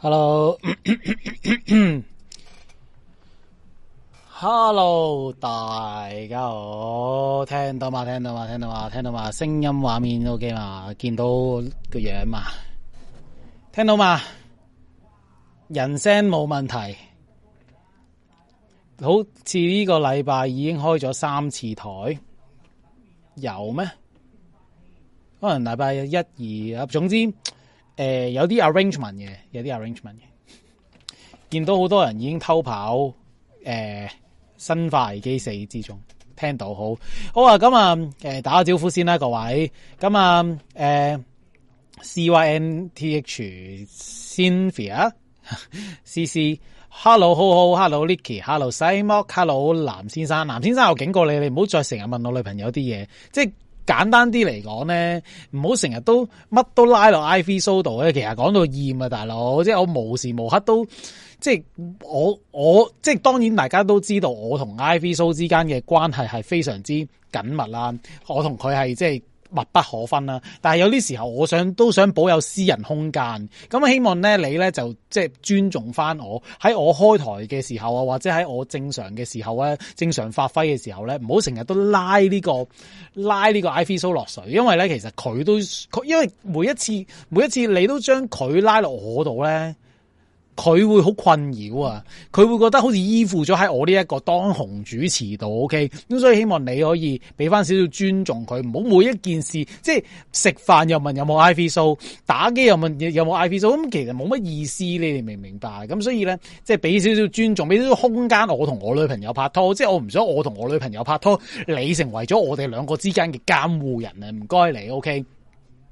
Hello，Hello，Hello, 大家好，聽到嘛？聽到嘛？聽到嘛？聽到嘛？聲音、畫面都 OK 嘛？見到個樣嘛？聽到嘛？人聲冇問題，好似呢個禮拜已經開咗三次台，有咩？可能禮拜一二啊，總之。誒有啲 arrangement 嘅，有啲 arrangement 嘅，見到好多人已經偷跑，誒生化危機四之中，聽到好，好啊，咁啊，打個招呼先啦，各位，咁啊，誒 Cynthia，CC，Hello，好好，Hello，Niki，Hello，Samo，Hello，藍先生，藍先生又警告你，你唔好再成日問我女朋友啲嘢，即簡單啲嚟講咧，唔好成日都乜都拉落 IVSO 度咧，其實講到厭啊，大佬！即係我無時無刻都，即係我我即係當然大家都知道我同 IVSO 之間嘅關係係非常之緊密啦，我同佢係即係。密不可分啦，但係有啲時候，我想都想保有私人空間，咁希望咧你咧就即係、就是、尊重翻我喺我開台嘅時候啊，或者喺我正常嘅時候咧，正常發揮嘅時候咧，唔好成日都拉呢、這個拉呢個 Ivy Show 落水，因為咧其實佢都佢因為每一次每一次你都將佢拉落我度咧。佢會好困擾啊！佢會覺得好似依附咗喺我呢一個當紅主持度，OK？咁所以希望你可以俾翻少少尊重佢，唔好每一件事即係食飯又問有冇 IV 數，打機又問有冇 IV 數。咁其實冇乜意思，你哋明唔明白？咁所以咧，即係俾少少尊重，俾少少空間我同我女朋友拍拖，即係我唔想我同我女朋友拍拖，你成為咗我哋兩個之間嘅監護人啊！唔該你，OK？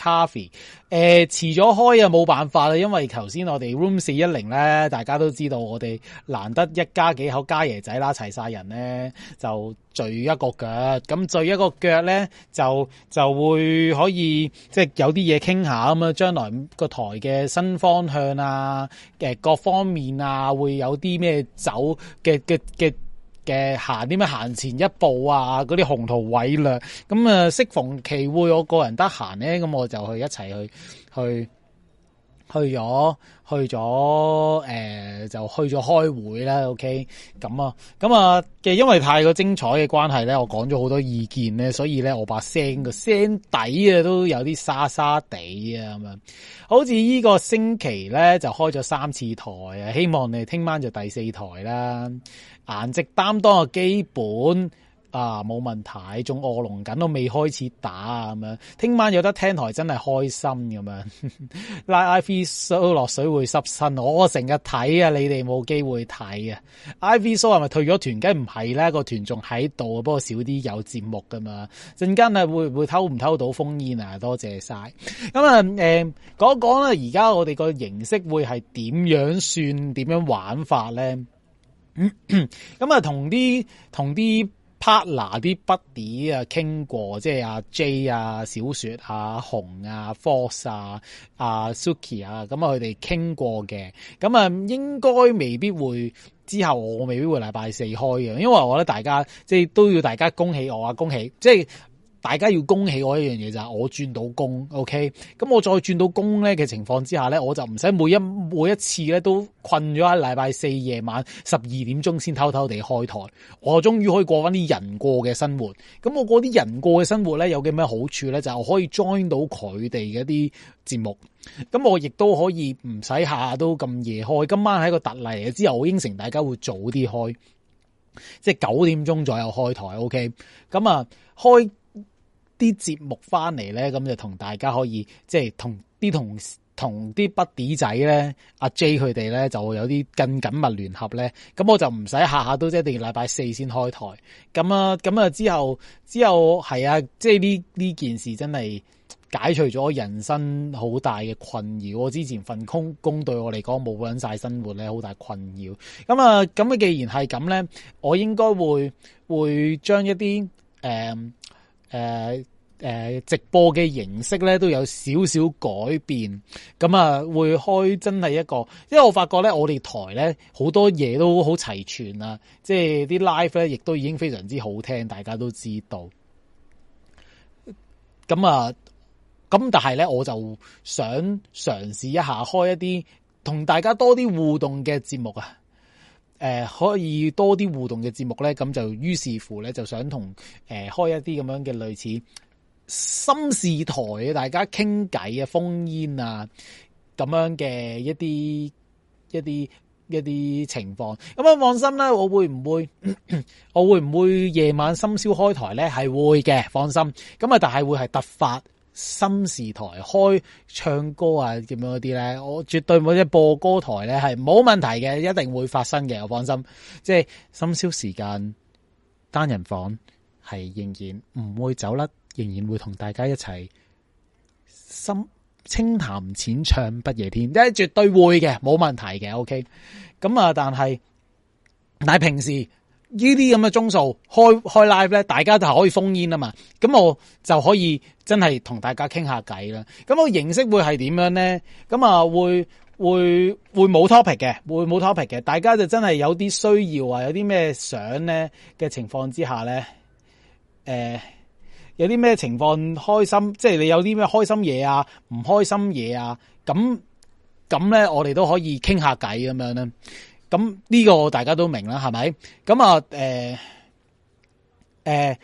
咖啡，誒，遲咗開啊，冇辦法啦，因為頭先我哋 room 四一零咧，大家都知道我哋難得一家幾口家爺仔啦，齊曬人咧就聚一個腳，咁聚一個腳咧就就會可以即係、就是、有啲嘢傾下咁啊，將來個台嘅新方向啊，誒各方面啊會有啲咩走嘅嘅嘅。嘅行啲咩，行前一步啊，嗰啲宏圖偉略，咁啊適逢其會，我個人得閒咧，咁我就去一齊去去。去去咗去咗誒、呃，就去咗開會啦。OK，咁啊，咁啊嘅，因為太過精彩嘅關係咧，我講咗好多意見咧，所以咧我把聲個聲底啊都有啲沙沙地啊咁樣。好似呢個星期咧就開咗三次台啊，希望你聽晚就第四台啦。顏值擔當嘅基本。啊，冇問題，仲臥龍緊都未開始打啊咁樣。聽晚有得聽台真係開心咁樣。拉 IV Show 落水會濕身，我成日睇啊，你哋冇機會睇啊。IV Show 係咪退咗團？梗唔係，呢個團仲喺度，不過少啲有節目噶嘛。陣間啊，會唔會偷唔偷到封煙啊？多謝晒。咁啊，誒、嗯、講講啦，而家我哋個形式會係點樣算？點樣玩法咧？咁、嗯、啊，同啲同啲。嗯 partner 啲 buddy 啊，傾過，即係阿 J 啊、小雪啊、紅啊、Force 啊、阿 Suki 啊，咁啊佢哋傾過嘅，咁啊應該未必會之後，我未必會禮拜四開嘅，因為我覺得大家即係都要大家恭喜我啊，恭喜即係。大家要恭喜我一樣嘢就係、是、我轉到工，OK，咁我再轉到工咧嘅情況之下咧，我就唔使每一每一次咧都困咗喺禮拜四夜晚十二點鐘先偷偷地開台，我終於可以過返啲人過嘅生活。咁我嗰啲人過嘅生活咧有啲咩好處咧，就係、我可以 join 到佢哋嘅一啲節目。咁我亦都可以唔使下下都咁夜開。今晚係一個特例嘅，之後我應承大家會早啲開，即係九點鐘左右開台，OK，咁啊開。啲節目翻嚟咧，咁就同大家可以即係同啲同同啲不仔咧，阿 J 佢哋咧就會有啲更緊密聯合咧。咁我就唔使下下都即第定禮拜四先開台。咁啊，咁啊之後之後係啊，即係呢呢件事真係解除咗人生好大嘅困擾。我之前份工工對我嚟講冇緊晒生活咧，好大困擾。咁啊，咁啊既然係咁咧，我應該會會將一啲誒誒。呃呃誒，直播嘅形式咧，都有少少改變，咁啊會開真係一個，因為我發覺咧我哋台咧好多嘢都好齊全啊，即係啲 live 咧亦都已經非常之好聽，大家都知道。咁啊，咁但係咧我就想嘗試一下開一啲同大家多啲互動嘅節目啊，誒、呃、可以多啲互動嘅節目咧，咁就於是乎咧就想同誒、呃、開一啲咁樣嘅類似。心事台，大家傾偈啊，烽煙啊，咁樣嘅一啲一啲一啲情況，咁啊放心啦，我會唔會咳咳我會唔會夜晚深宵開台咧？係會嘅，放心。咁啊，但係會係突發心事台開唱歌啊，咁樣嗰啲咧，我絕對冇只播歌台咧係冇問題嘅，一定會發生嘅，我放心。即係深宵時間單人房係仍然唔會走甩。仍然會同大家一齊心輕談淺唱不夜天，即係絕對會嘅，冇問題嘅。OK，咁啊，但係但係平時呢啲咁嘅鐘數開開 live 咧，大家就可以 phone in 啊嘛。咁我就可以真係同大家傾下偈啦。咁我形式會係點樣咧？咁啊，會會會冇 topic 嘅，會冇 topic 嘅。大家就真係有啲需要啊，有啲咩想咧嘅情況之下咧，誒、呃。有啲咩情況開心，即係你有啲咩開心嘢啊，唔開心嘢啊，咁咁咧，我哋都可以傾下偈咁樣咧。咁呢個大家都明啦，係咪？咁啊，誒、呃、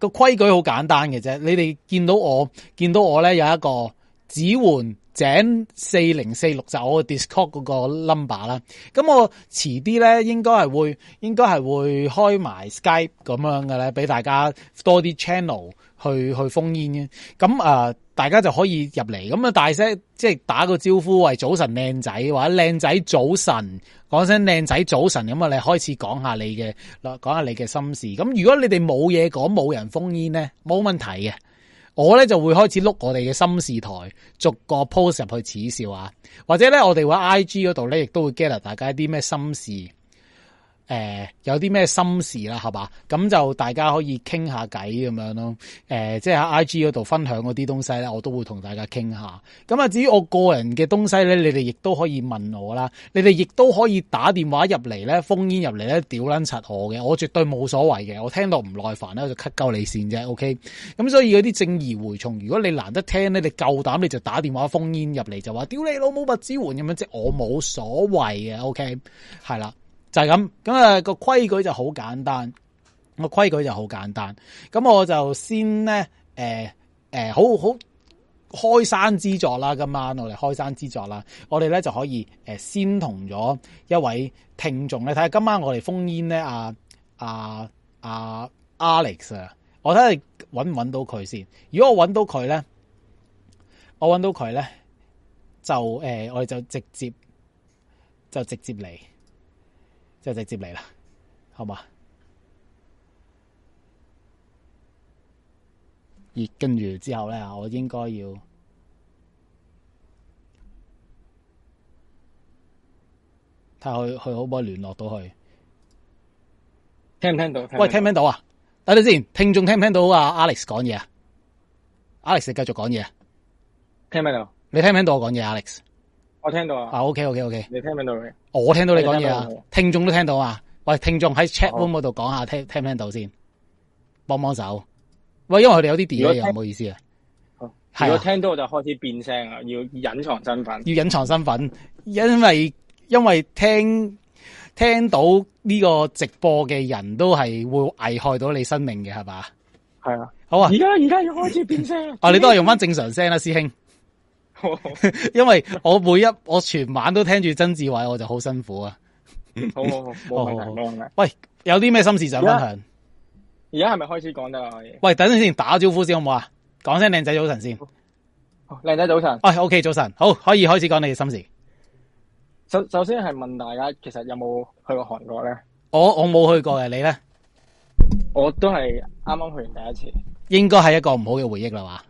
誒，個、呃、規矩好簡單嘅啫。你哋見到我，見到我咧有一個。子桓#四零四六就我個 Discord 嗰個 number 啦，咁我遲啲咧應該係會，應該係會開埋 Skype 咁樣嘅咧，俾大家多啲 channel 去去封煙嘅，咁啊、呃、大家就可以入嚟，咁啊大聲即係打個招呼，喂，早晨靚仔，或者靚仔早晨，講聲靚仔早晨，咁啊你開始講下你嘅，講下你嘅心事，咁如果你哋冇嘢講，冇人封煙咧，冇問題嘅。我咧就會開始碌我哋嘅心事台，逐個 post 入去恥笑啊！或者咧，我哋喺 I G 嗰度咧，亦都會 gather 大家一啲咩心事。誒、呃，有啲咩心事啦，係嘛？咁就大家可以傾下偈咁樣咯。誒、呃，即係喺 IG 嗰度分享嗰啲東西咧，我都會同大家傾下。咁啊，至於我個人嘅東西咧，你哋亦都可以問我啦。你哋亦都可以打電話入嚟咧，phone in 入嚟咧，屌捻柒我嘅，我絕對冇所謂嘅。我聽到唔耐煩咧，我就 cut 鳩你線啫。OK，咁所以嗰啲正義蛔蟲，如果你難得聽咧，你夠膽你就打電話 phone in 入嚟就話屌你老母白子換咁樣，即係我冇所謂嘅。OK，係啦。就係咁，咁啊，個規矩就好簡單，個規矩就好簡單。咁我就先咧，誒誒，好好開山之作啦，今晚我哋開山之作啦，我哋咧就可以誒先同咗一位聽眾咧睇下，今晚我哋烽煙咧，啊，阿阿阿 Alex，我睇下搵唔搵到佢先。如果我搵到佢咧，我搵到佢咧，就誒我哋就直接就直接嚟。就直接嚟啦，好嘛？而跟住之後呢，我應該要睇下佢佢可唔可以聯絡到佢？聽唔聽到？聽聽到，喂，聽唔聽到啊？等陣先，聽眾聽唔聽到啊？Alex 講嘢啊？Alex 繼續講嘢啊？聽唔聽到？你聽唔聽到我講嘢，Alex？我聽到啊，啊 OK OK OK，你聽唔聽到嘅？我聽到你講嘢啊，聽眾都聽到啊。喂，聽眾喺 chat room 嗰度講下，聽聽唔聽到先？幫幫手。喂，因為佢哋有啲電話，唔好意思好啊。好，如果聽到我就開始變聲啊，要隱藏身份。要隱藏身份，因為因為聽聽到呢個直播嘅人都係會危害到你生命嘅，係嘛？係啊，好啊。而家而家要開始變聲 啊，你都係用返正常聲啦，啊，師兄。 因為我每一我全晚都聽住曾志偉，我就好辛苦啊。 好，好，冇問題。 好好，喂，有啲咩心事想分享？而家係咪開始講得啦？喂，等陣先打招呼先好唔好啊？講聲靚仔早晨先。靚仔早晨。喂 OK 早晨，好，可以開始講你嘅心事。首首先係問大家，其實有冇去過韓國咧？哦，我我冇去過嘅，你咧？我都係啱啱去完第一次。應該係一個唔好嘅回憶啦，話。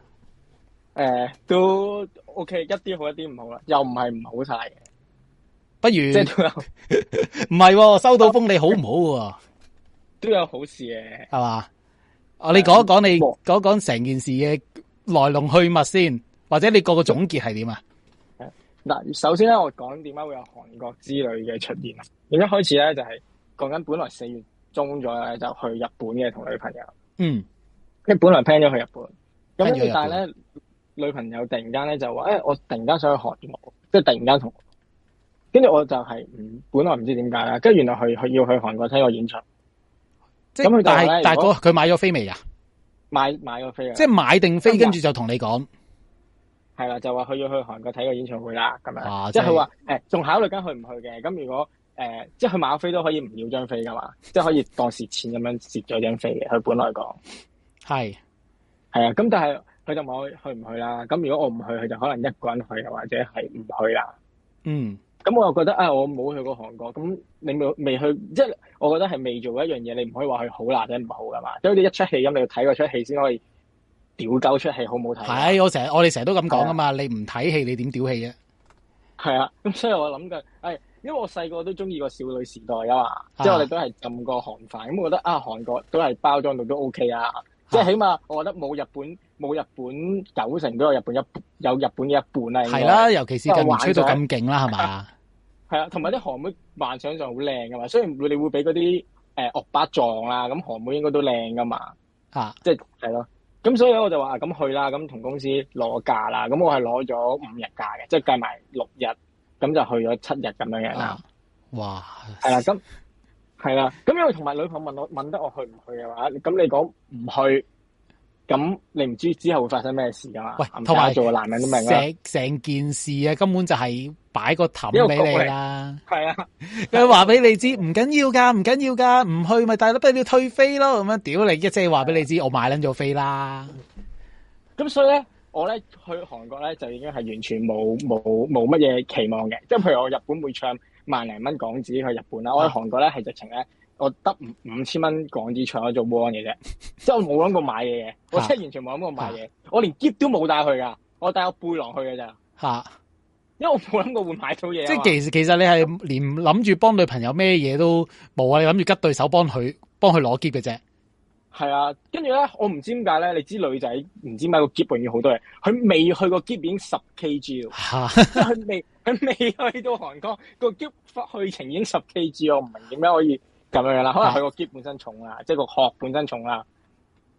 誒，都。O、okay, K，一啲好，一啲唔好啦，又唔係唔好晒嘅。不如即係都有，唔係、 啊，收到風你好唔好？啊、都有好事嘅，係嘛吧？啊、嗯，你講一講你講、嗯、一講成件事嘅來龍去脈先，或者你個個總結係點啊？嗱，首先咧，我講點解會有韓國之旅嘅出現。你一開始咧就係講緊本來四月中咗咧就去日本嘅同女朋友，嗯，即係本來 plan 咗去日本，咁那但係呢咧。女朋友突然間咧就話，誒、欸，我突然間想去韓國，即係突然間同，跟住我就係唔，本來唔知點解啦，跟住原來佢要去韓國睇個演唱。咁係即但係果但係佢買咗飛未啊？買買咗飛啊？即係買定飛，跟住就同你講，係啦，就話佢要去韓國睇個演唱會啦，咁樣，即係佢話誒，仲考慮緊去唔去嘅，咁如果誒，即係佢買咗飛都可以唔要張飛噶嘛，即係可以當蝕錢咁樣蝕咗張飛嘅，佢本來講係係啊，咁的但係。佢就問我去唔去啦，咁如果我唔去，佢就可能一個人去，或者係唔去啦。嗯，咁我又覺得啊、哎，我冇去過韓國，咁你未，未去，即係我覺得係未做一樣嘢，你唔可以話佢好難或者唔好噶嘛。即因為一出戲咁，你要睇個出戲先可以屌鳩出戲好唔好睇。係，我成我哋成日都咁講噶嘛，的你唔睇戲你點屌戲呀？係啊，咁所以我諗緊，係、哎、因為我細個都中意個少女時代啊嘛，啊即係我哋都係浸過韓飯，咁我覺得啊，韓國都係包裝到都 OK 啊。即係起碼，我覺得冇日本，冇日本九成，都有日本一半，有日本嘅一半啦。係啦，尤其是近年吹到咁勁啦，係咪啊？係啊，同埋啲韓妹幻想上好靚噶嘛，雖然你會俾嗰啲誒惡霸撞啦，咁韓妹應該都靚噶嘛。啊，即係係咯。咁所以咧，我就話咁去啦，咁同公司攞假啦，咁我係攞咗五日假嘅，即係計埋六日，咁就去咗七日咁樣樣啦。哇！係啦，咁。係啦，咁因為同埋女朋友問我問得我去唔去嘅話，咁你講唔去，咁你唔知之後會發生咩事噶嘛？喂，偷拍做個男人都明啦，成件事啊，根本就係擺個氹俾你啦。係啊，佢話俾你知唔緊要噶，唔緊要噶，唔去咪大咯，不如退飛咯，咁樣屌你一即係話俾你知，我買捻咗飛啦。咁所以咧，我咧去韓國咧就已經係完全冇冇冇乜嘢期望嘅，即係譬如我日本會唱萬零蚊港紙去日本啦，我喺韓國咧係直情咧，我得五千蚊港紙唱咗做 o n 嘅啫，即 係我冇諗過買嘢嘅。我真係完全冇諗過買嘢，啊、我連喼都冇帶去噶，我帶個背囊去嘅咋，因為我冇諗過會買到嘢。啊、所以 即係其實其實你係連諗住幫女朋友咩嘢都冇啊，你諗住吉對手幫佢幫佢攞喼嘅啫。係啊，跟住咧，我唔知點解咧。你知女仔唔知咩個 g i p 要好多嘢，佢未去過個 g i p 已經十 KG 佢未佢未去到韓國個 g i p 去程已經十 KG，我唔明點樣可以咁樣樣啦。可能佢個 g i p 本身重啦，即係 個殼本身重啦。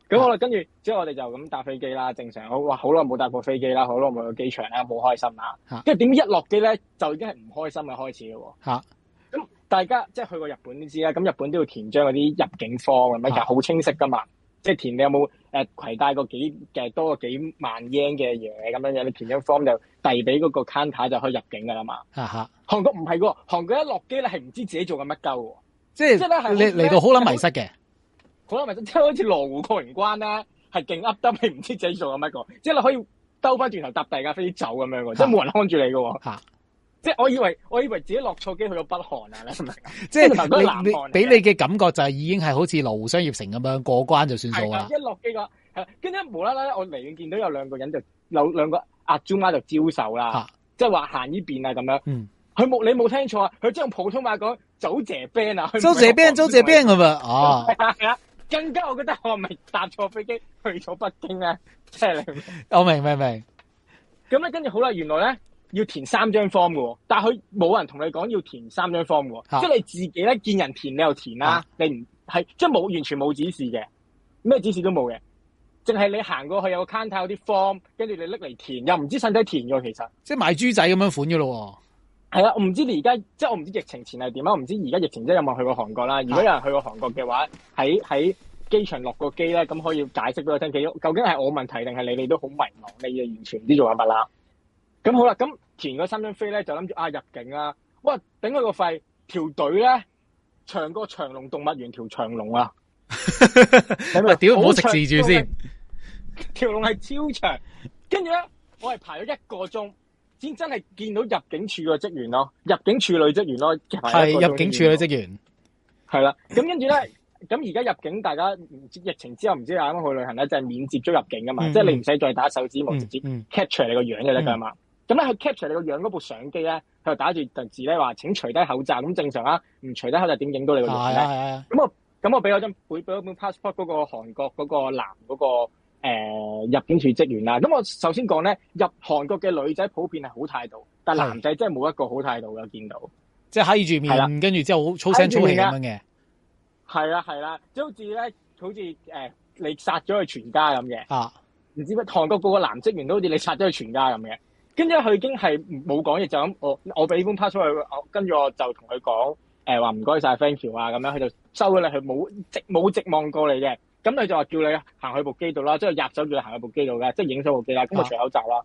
咁 我哋跟住之後，我哋就咁搭飛機啦。正常好好耐冇搭過飛機啦，好耐冇去機場咧，冇開心啦。跟住點一落機咧，就已經係唔開心嘅開始咯。吓。 大家即係去過日本都知啦，咁日本都要填張嗰啲入境 form，好清晰噶嘛？即係、啊、填你有冇誒攜帶過幾誒多過幾萬 yen 嘅嘢咁樣嘢，你填張 form 就遞俾嗰個 counter 就可以入境噶啦嘛。啊哈！韓國唔係喎，韓國一落機咧係唔知自己做緊乜鳩喎，即係即係咧係你嚟到好撚迷失嘅，好撚迷失即係好似羅湖過人關咧係勁噏噏，係唔知自己做緊乜個，即係、啊、哈你可以兜翻轉頭搭大架飛機走咁樣，即係冇人看住你嘅喎。啊即係我以為，我以為自己落錯機去到北韓啊！ 即係南韓俾你嘅感覺就係已經係好似羅湖商業城咁樣過關就算數啦。一落機個，跟住無啦啦，我離遠見到有兩個人就有兩個阿豬媽就招手啦，即係話行呢邊啊咁樣。佢冇、嗯，你冇聽錯啊！佢即用普通話講“走姐 band 啊”，走姐 band，走姐 band 咁啊！哦，更加我覺得我係咪搭錯飛機去咗北京咧，即係 我明明明，咁咧跟住好啦，原來咧。要填三張 form 嘅，但係佢冇人同你講要填三張 form 嘅，啊、即係你自己咧見人填你又填啦，你唔係、啊、即係冇完全冇指示嘅，咩指示都冇嘅，淨係你行過去有個 counter 有啲 form，跟住你拎嚟填，又唔知使唔使填嘅其實。即係賣豬仔咁樣款嘅咯喎。係啊，我唔知你而家即係我唔知疫情前係點啊，我唔知而家疫情即係有冇去過韓國啦、啊。如果有人去過韓國嘅話，喺喺機場落個機咧，咁可以解釋俾我聽，究竟係我問題定係你哋都好迷茫，你又完全唔知做緊乜啦。咁好啦，咁填嗰三張飛咧就諗住啊入境啦、啊、哇頂佢個肺！條隊咧長過長隆動物園條長龍啊！喂， 屌、啊，好食字住先說！條龍係超長，跟住咧我係排咗一個鐘先，真係見到入境處嘅職員咯，入境處女職員咯，係入境處女職員，係啦。咁跟住咧，咁而家入境大家疫情之後唔知點去旅行咧，就係、是、免接觸入境噶嘛，即係、嗯嗯、你唔使再打手指模，嗯嗯，直接 catch 你個樣就得噶嘛。咁咧，佢 capture 你個樣嗰部相機咧，佢就打住特字咧話，請除低口罩。咁正常啦，唔除低口罩點影到你個樣呢？咁、啊啊啊、我咁我俾我張俾 passport 嗰個韓國嗰個男嗰、嗰個誒、呃、入境處職員啦。咁我首先講咧，入韓國嘅女仔普遍係好態度，但男仔真係冇一個好態度嘅，啊、我見到即係嘿住面，跟住之後好粗聲粗氣咁、啊、樣嘅。係啦係啦，啊、即係好似咧，好似誒你殺咗佢全家咁嘅啊？唔知乜？韓國嗰個男職員都好似你殺咗佢全家咁嘅。跟住佢已經係冇講嘢，就咁我我俾呢封拍出去。跟住我就同佢講，誒話唔該晒 thank you 啊咁樣。佢就收咗你，佢冇直冇直望過嚟嘅。咁佢就話叫你行去部機度啦，即係入咗叫你行去部機度嘅，即係影咗部機啦。咁我除口罩啦，啊，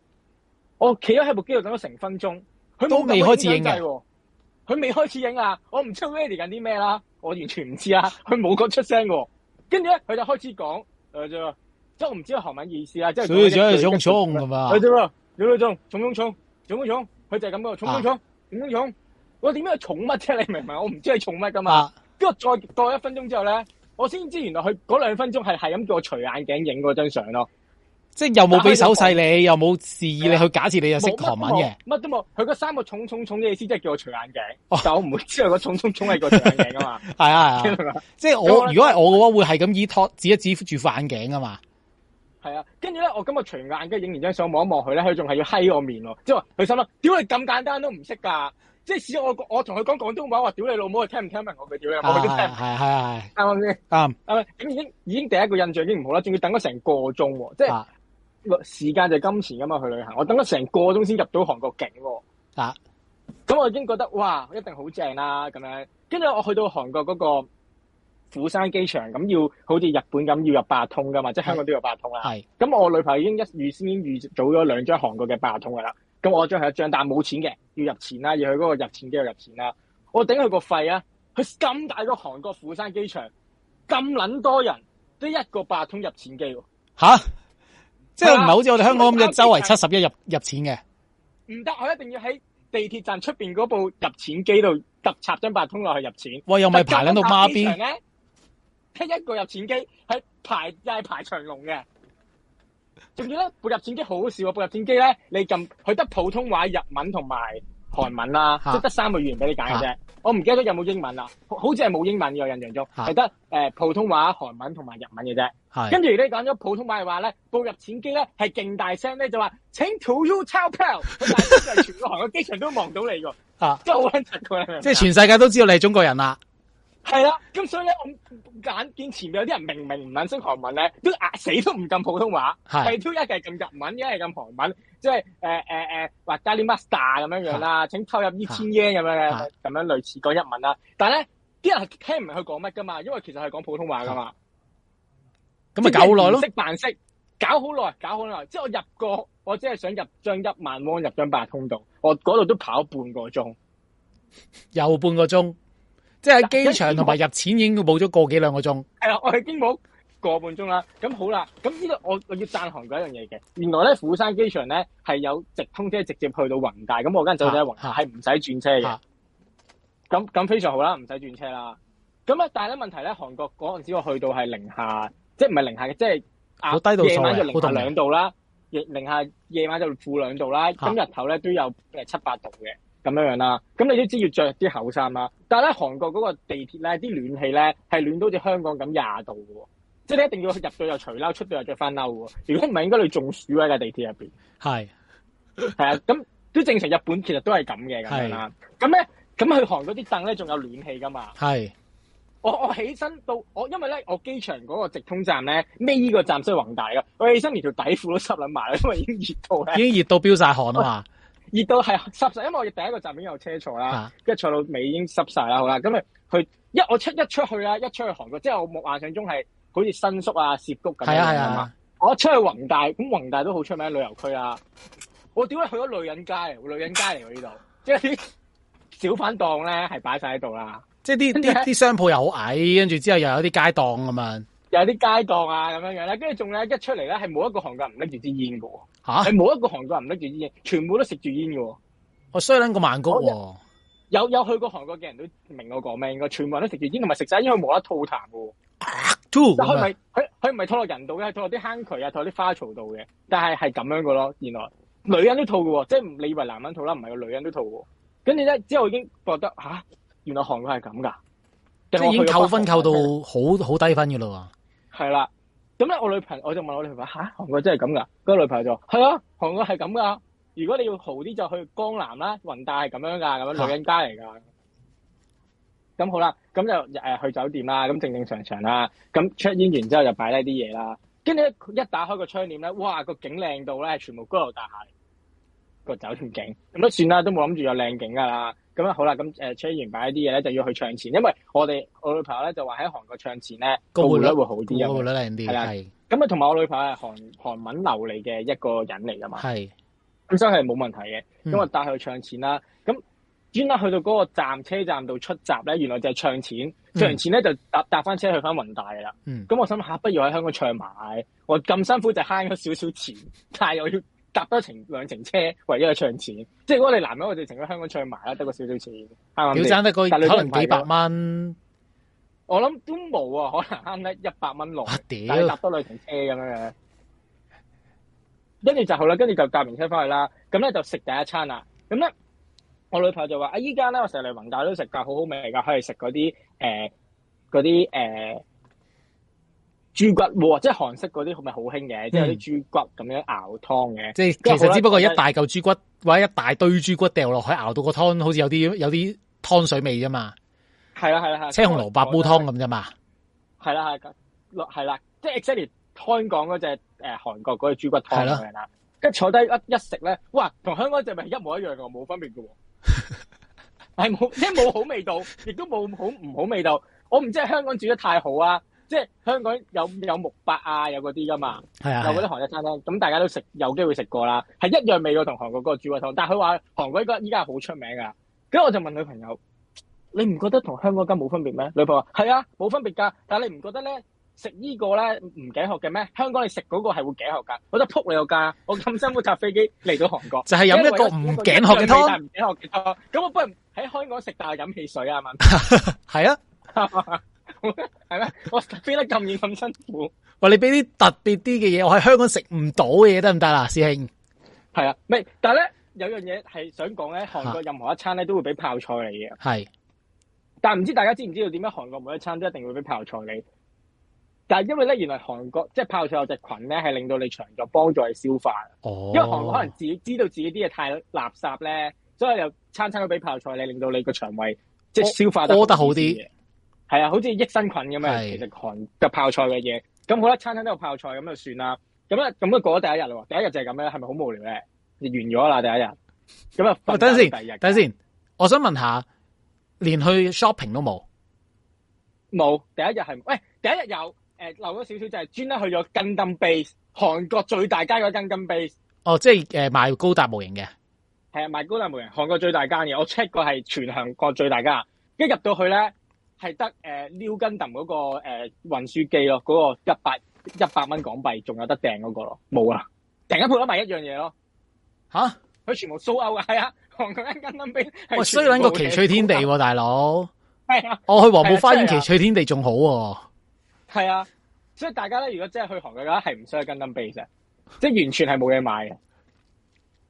我企咗喺部機度等咗成分鐘，佢都未開始影。佢未開始影啊！我唔知佢 ready 緊啲咩啦，我完全唔知啊！佢冇講出聲嘅。跟住咧，佢就開始講誒就，即係我唔知佢韓文意思啊。即係。所以就係沖沖係嘛？係你喺重重重沖沖沖，佢就係咁樣重重重沖沖沖，我點樣沖乜啫？你明唔明？我唔知你沖乜噶嘛跟住再過一分鐘之後咧，我先知原來佢嗰兩分鐘係係咁叫我除眼鏡影嗰張相咯。即係又冇俾手勢你，又冇示意你去假設你又識韓文嘅。乜都冇，佢嗰三個重重重嘅意思即係叫我除眼鏡。但我唔會知道個重重重係個除眼鏡啊嘛。係啊，即係我如果係我嘅話，會係咁以托指一指住副眼鏡啊嘛。係啊，跟住咧，我今日除眼鏡影完張相，望一望佢咧，佢仲係要閪我面喎，即係話佢心諗，屌你咁簡單都唔識噶，即使我我同佢講廣東話，我話屌你老母，聽唔聽明我句屌你冇聽，係係係啱唔啱先？啱，咁已經已經第一個印象已經唔好啦，仲要等咗成個鐘喎，即係、啊、時間就金錢咁嘛，去旅行我等咗成個鐘先入到韓國境喎，咁、啊啊、我已經覺得哇，一定好正啦咁樣，跟住我去到韓國嗰、嗰個。釜山機場咁要好似日本咁要入八通㗎嘛，即係香港都要八通啦。咁我女朋友已經預先預早咗兩張韓國嘅八通㗎啦。咁我張係一張，但係冇錢嘅，要入錢啦，要去嗰個入錢機度入錢啦。我頂佢個肺啊！佢咁大個韓國釜山機場，咁撚多人，都一個八通入錢機喎。嚇、啊！即係唔係好似我哋香港咁嘅周圍七十一入入錢嘅。唔得，我一定要喺地鐵站出邊嗰部入錢機度特插張八通落去入錢。喂，又咪排喺到孖邊。聽一個入錢機喺排又係排長龍嘅，仲要咧部入錢機好笑啊！部入錢機咧，你撳佢得普通話、日文同埋韓文啦，即係得三個語言俾你揀嘅啫。啊、我唔記得咗有冇英文啦，好似係冇英文嘅。印象中係得誒普通話、韓文同埋日文嘅啫。係、啊、跟住你講咗普通話嘅話咧，部入錢機咧係勁大聲咧就話， 請 to you tell t e l 係全個韓國機 場都望到你個啊，即係好撚突，即係全世界都知道你係中國人啦。係啦，咁、啊、所以咧，我揀，見前面有啲人明明唔捻識韓文咧，都壓死都唔撳普通話，係都一係撳日文，一係撳韓文，即係誒誒誒，話 Gali、呃呃、Master 咁樣、啊、的 1, 樣啦，請投入呢千 yen 咁樣嘅，咁樣類似講日文啦、啊。但係咧，啲人聽唔明佢講乜噶嘛，因為其實係講普通話噶嘛。咁咪搞耐咯，識扮識，搞好耐，搞好耐。即係我入過，我只係想入張一萬蚊入張八通道，我嗰度都跑半個鐘， 又半個鐘。即係機場同埋入錢已經冇咗個幾兩個鐘。啦、啊啊、我係已經冇個半鐘啦。咁好啦，咁呢度我我要讚韓國一樣嘢嘅。原來咧釜山機場咧係有直通車直接去到雲大。咁我今日走咗喺雲大係唔使轉車嘅。咁咁、啊啊、非常好啦，唔使轉車啦。咁啊，但係咧問題咧，韓國嗰陣我去到係零下，即係唔係零下嘅，即係夜夜晚就零下兩度啦，夜、啊、零下夜晚就負兩度啦。咁日頭咧都有誒七八度嘅。啊咁樣樣啦，咁你都知要着啲厚衫啦。但係咧，韓國嗰個地鐵咧，啲暖氣咧係暖到好似香港咁廿度喎，即係你一定要入到又除褸，出到又着翻褸。如果唔係，應該你中暑喺個地鐵入邊。係係啊，咁都正常。日本其實都係咁嘅咁樣啦。咁咧是，咁去韓國啲凳咧，仲有暖氣噶嘛？係是 我我起身到我，因為咧我機場嗰個直通站咧，尾呢個站先宏大噶。我起身連條底褲都濕淋埋啦，因為已經熱到咧，已經熱到飆晒汗啊嘛。熱到係濕晒，因為我哋第一個站已經有車坐啦，跟住坐到尾已經濕晒啦，好啦，咁咪佢一我出一出去啦，一出去韓國，即係我夢幻想中係好似新宿啊、涉谷咁樣樣啊嘛、啊。我一出去弘大，咁弘大都好出名旅遊區啦。我點解去咗女人街？女人街嚟㗎呢度，即係啲小販檔咧係擺晒喺度啦。即係啲啲啲商鋪又好矮，跟住之後又有啲街檔咁、啊啊、樣。有啲街檔啊咁樣樣啦，跟住仲咧一出嚟咧係冇一個韓國人唔拎住支煙㗎喎。吓，係冇、啊、一個韓國人唔拎住煙，全部都食住煙嘅。我衰拎個曼谷、哦，有有去過韓國嘅人都明我講咩，應該全部人都食住煙同埋食晒，因為佢冇得吐痰嘅。但佢唔係佢佢唔係吐落人度嘅，係吐落啲坑渠啊，吐落啲花槽度嘅。但係係咁樣嘅咯，原來女人都吐嘅，即係你以為男人吐啦，唔係，個女人都吐。跟住咧之後已經覺得吓、啊，原來韓國係咁噶，即係已經扣分扣到好好低分嘅啦。係啦。咁咧，我女朋友我就問我女朋友：吓，韓國真係咁噶？嗰、那個女朋友就話：係啊，韓國係咁噶。如果你要豪啲，就去江南啦，雲大係咁樣噶，咁樣女人街嚟噶。咁、啊、好啦，咁就日日去酒店啦，咁正正常常啦，咁 check in 完之後就擺低啲嘢啦。跟住一打開個窗簾咧，哇！個景靚到咧，全部高樓大廈。個酒店景咁都算啦，都冇諗住有靚景噶啦。咁樣好啦，咁誒車完買啲嘢咧就要去唱錢，因為我哋我女朋友咧就話喺韓國唱錢咧個匯率會好啲啊，個匯率靚啲，係啦的。咁啊同埋我女朋友係韓韓文流嚟嘅一個人嚟噶嘛，係的。咁所以係冇問題嘅，因為的帶佢去唱錢啦。咁專登去到嗰個站車站度出閘咧，原來就係唱錢。嗯、唱完錢咧就搭搭翻車去翻雲大噶啦。咁、嗯、我心諗嚇，不如喺香港唱埋。我咁辛苦就慳咗少少錢，但係又要搭多程兩程車，唯一係唱錢。即係如果你男人，我哋情願喺香港唱埋啦，得個少少錢。要爭得個可能幾百蚊，我諗都冇啊，可能啱得一百蚊落。啊、但係搭多兩程車咁樣，跟住就好啦。跟住就搭完車翻去啦。咁咧就食第一餐啦。咁咧我女朋友就話：啊，依家咧我成日嚟雲大都食，㗎好好味㗎。可以食嗰啲誒，嗰啲誒。豬骨喎、哦，即係韓式嗰啲，咪好興嘅，即係有啲豬骨咁樣熬湯嘅。即係其實只不過一大嚿豬骨，就是，或者一大堆豬骨掉落去熬到個湯，好似有啲有啲湯水味咋嘛？係啦係啦係，青、啊啊、紅蘿蔔煲湯咁咋嘛？係啦係，係啦、啊啊啊啊啊，即係 exactly 香港嗰隻誒韓國嗰隻豬骨湯咁樣啦。跟住、啊、坐低一一食咧，哇，同香港隻咪一模一樣嘅、啊，冇分別嘅、啊。係冇 即係冇好味道，亦 都冇好唔好味道。我唔知係香港煮得太好啊。即係香港有有木柏啊，有嗰啲噶嘛，有嗰啲韓式餐廳，咁大家都食有機會食過啦，係一樣味嘅，同韓國嗰個煮嘅湯，但係佢話韓國依家依家好出名噶，咁我就問女朋友：你唔覺得同香港間冇分別咩？女朋友：係啊，冇分別噶，但係你唔覺得咧食呢個咧唔頸渴嘅咩？香港你食嗰個係會頸渴噶，我得撲你個街，我咁辛苦搭飛機嚟到韓國，就係飲一個唔頸渴嘅湯，唔頸渴嘅湯，咁我不如喺香港食但係飲汽水啊，嘛係啊。係咩？ 我飛得咁遠咁辛苦。喂，你俾啲特別啲嘅嘢，我喺香港食唔到嘅嘢得唔得啦，師兄？係啊，咪但係咧，有樣嘢係想講咧，韓國任何一餐咧都會俾泡菜嚟嘅。係、啊。但係唔知大家知唔知道點解韓國每一餐都一定會俾泡菜你？但係因為咧，原來韓國即係泡菜有只群咧，係令到你腸咗，幫助你消化。哦。因為韓國可能自己知道自己啲嘢太垃圾咧，所以又餐餐都俾泡菜你，令到你個腸胃即係消化得多得好啲。係啊，好似益生菌咁樣，是其實韓嘅泡菜嘅嘢，咁好啦，餐餐都有泡菜，咁就算啦。咁啊，咁啊過咗第一日咯，第一日就係咁樣，係咪好無聊咧？完咗啦，第一日。咁啊、哦，等陣先，等陣先，我想問下，連去 shopping 都冇，冇第一日係，喂，第一日有，誒、呃，留咗少少就係專登去咗 Gundam Base，韓國最大間嗰 Gundam Base。哦，即係誒賣高達模型嘅，係啊，賣高達模型，韓國最大間嘅，我 check 過係全韓國最大間，一入到去咧。係得誒，New Gundam 嗰個，呃、運輸機咯，嗰，那個一百一百蚊港幣仲有得訂嗰個咯，冇啊，成間配咗埋一樣嘢咯。吓蛤？佢全部蘇歐啊，係啊，韓國人 Gundam Base。我需要揾個奇趣天地喎，啊，大佬。係啊。我去黃埔花園奇趣天地仲好，啊。係啊，所以大家咧，如果真係去韓國嘅話，係唔需要 Gundam Base 嘅，即完全係冇嘢買嘅。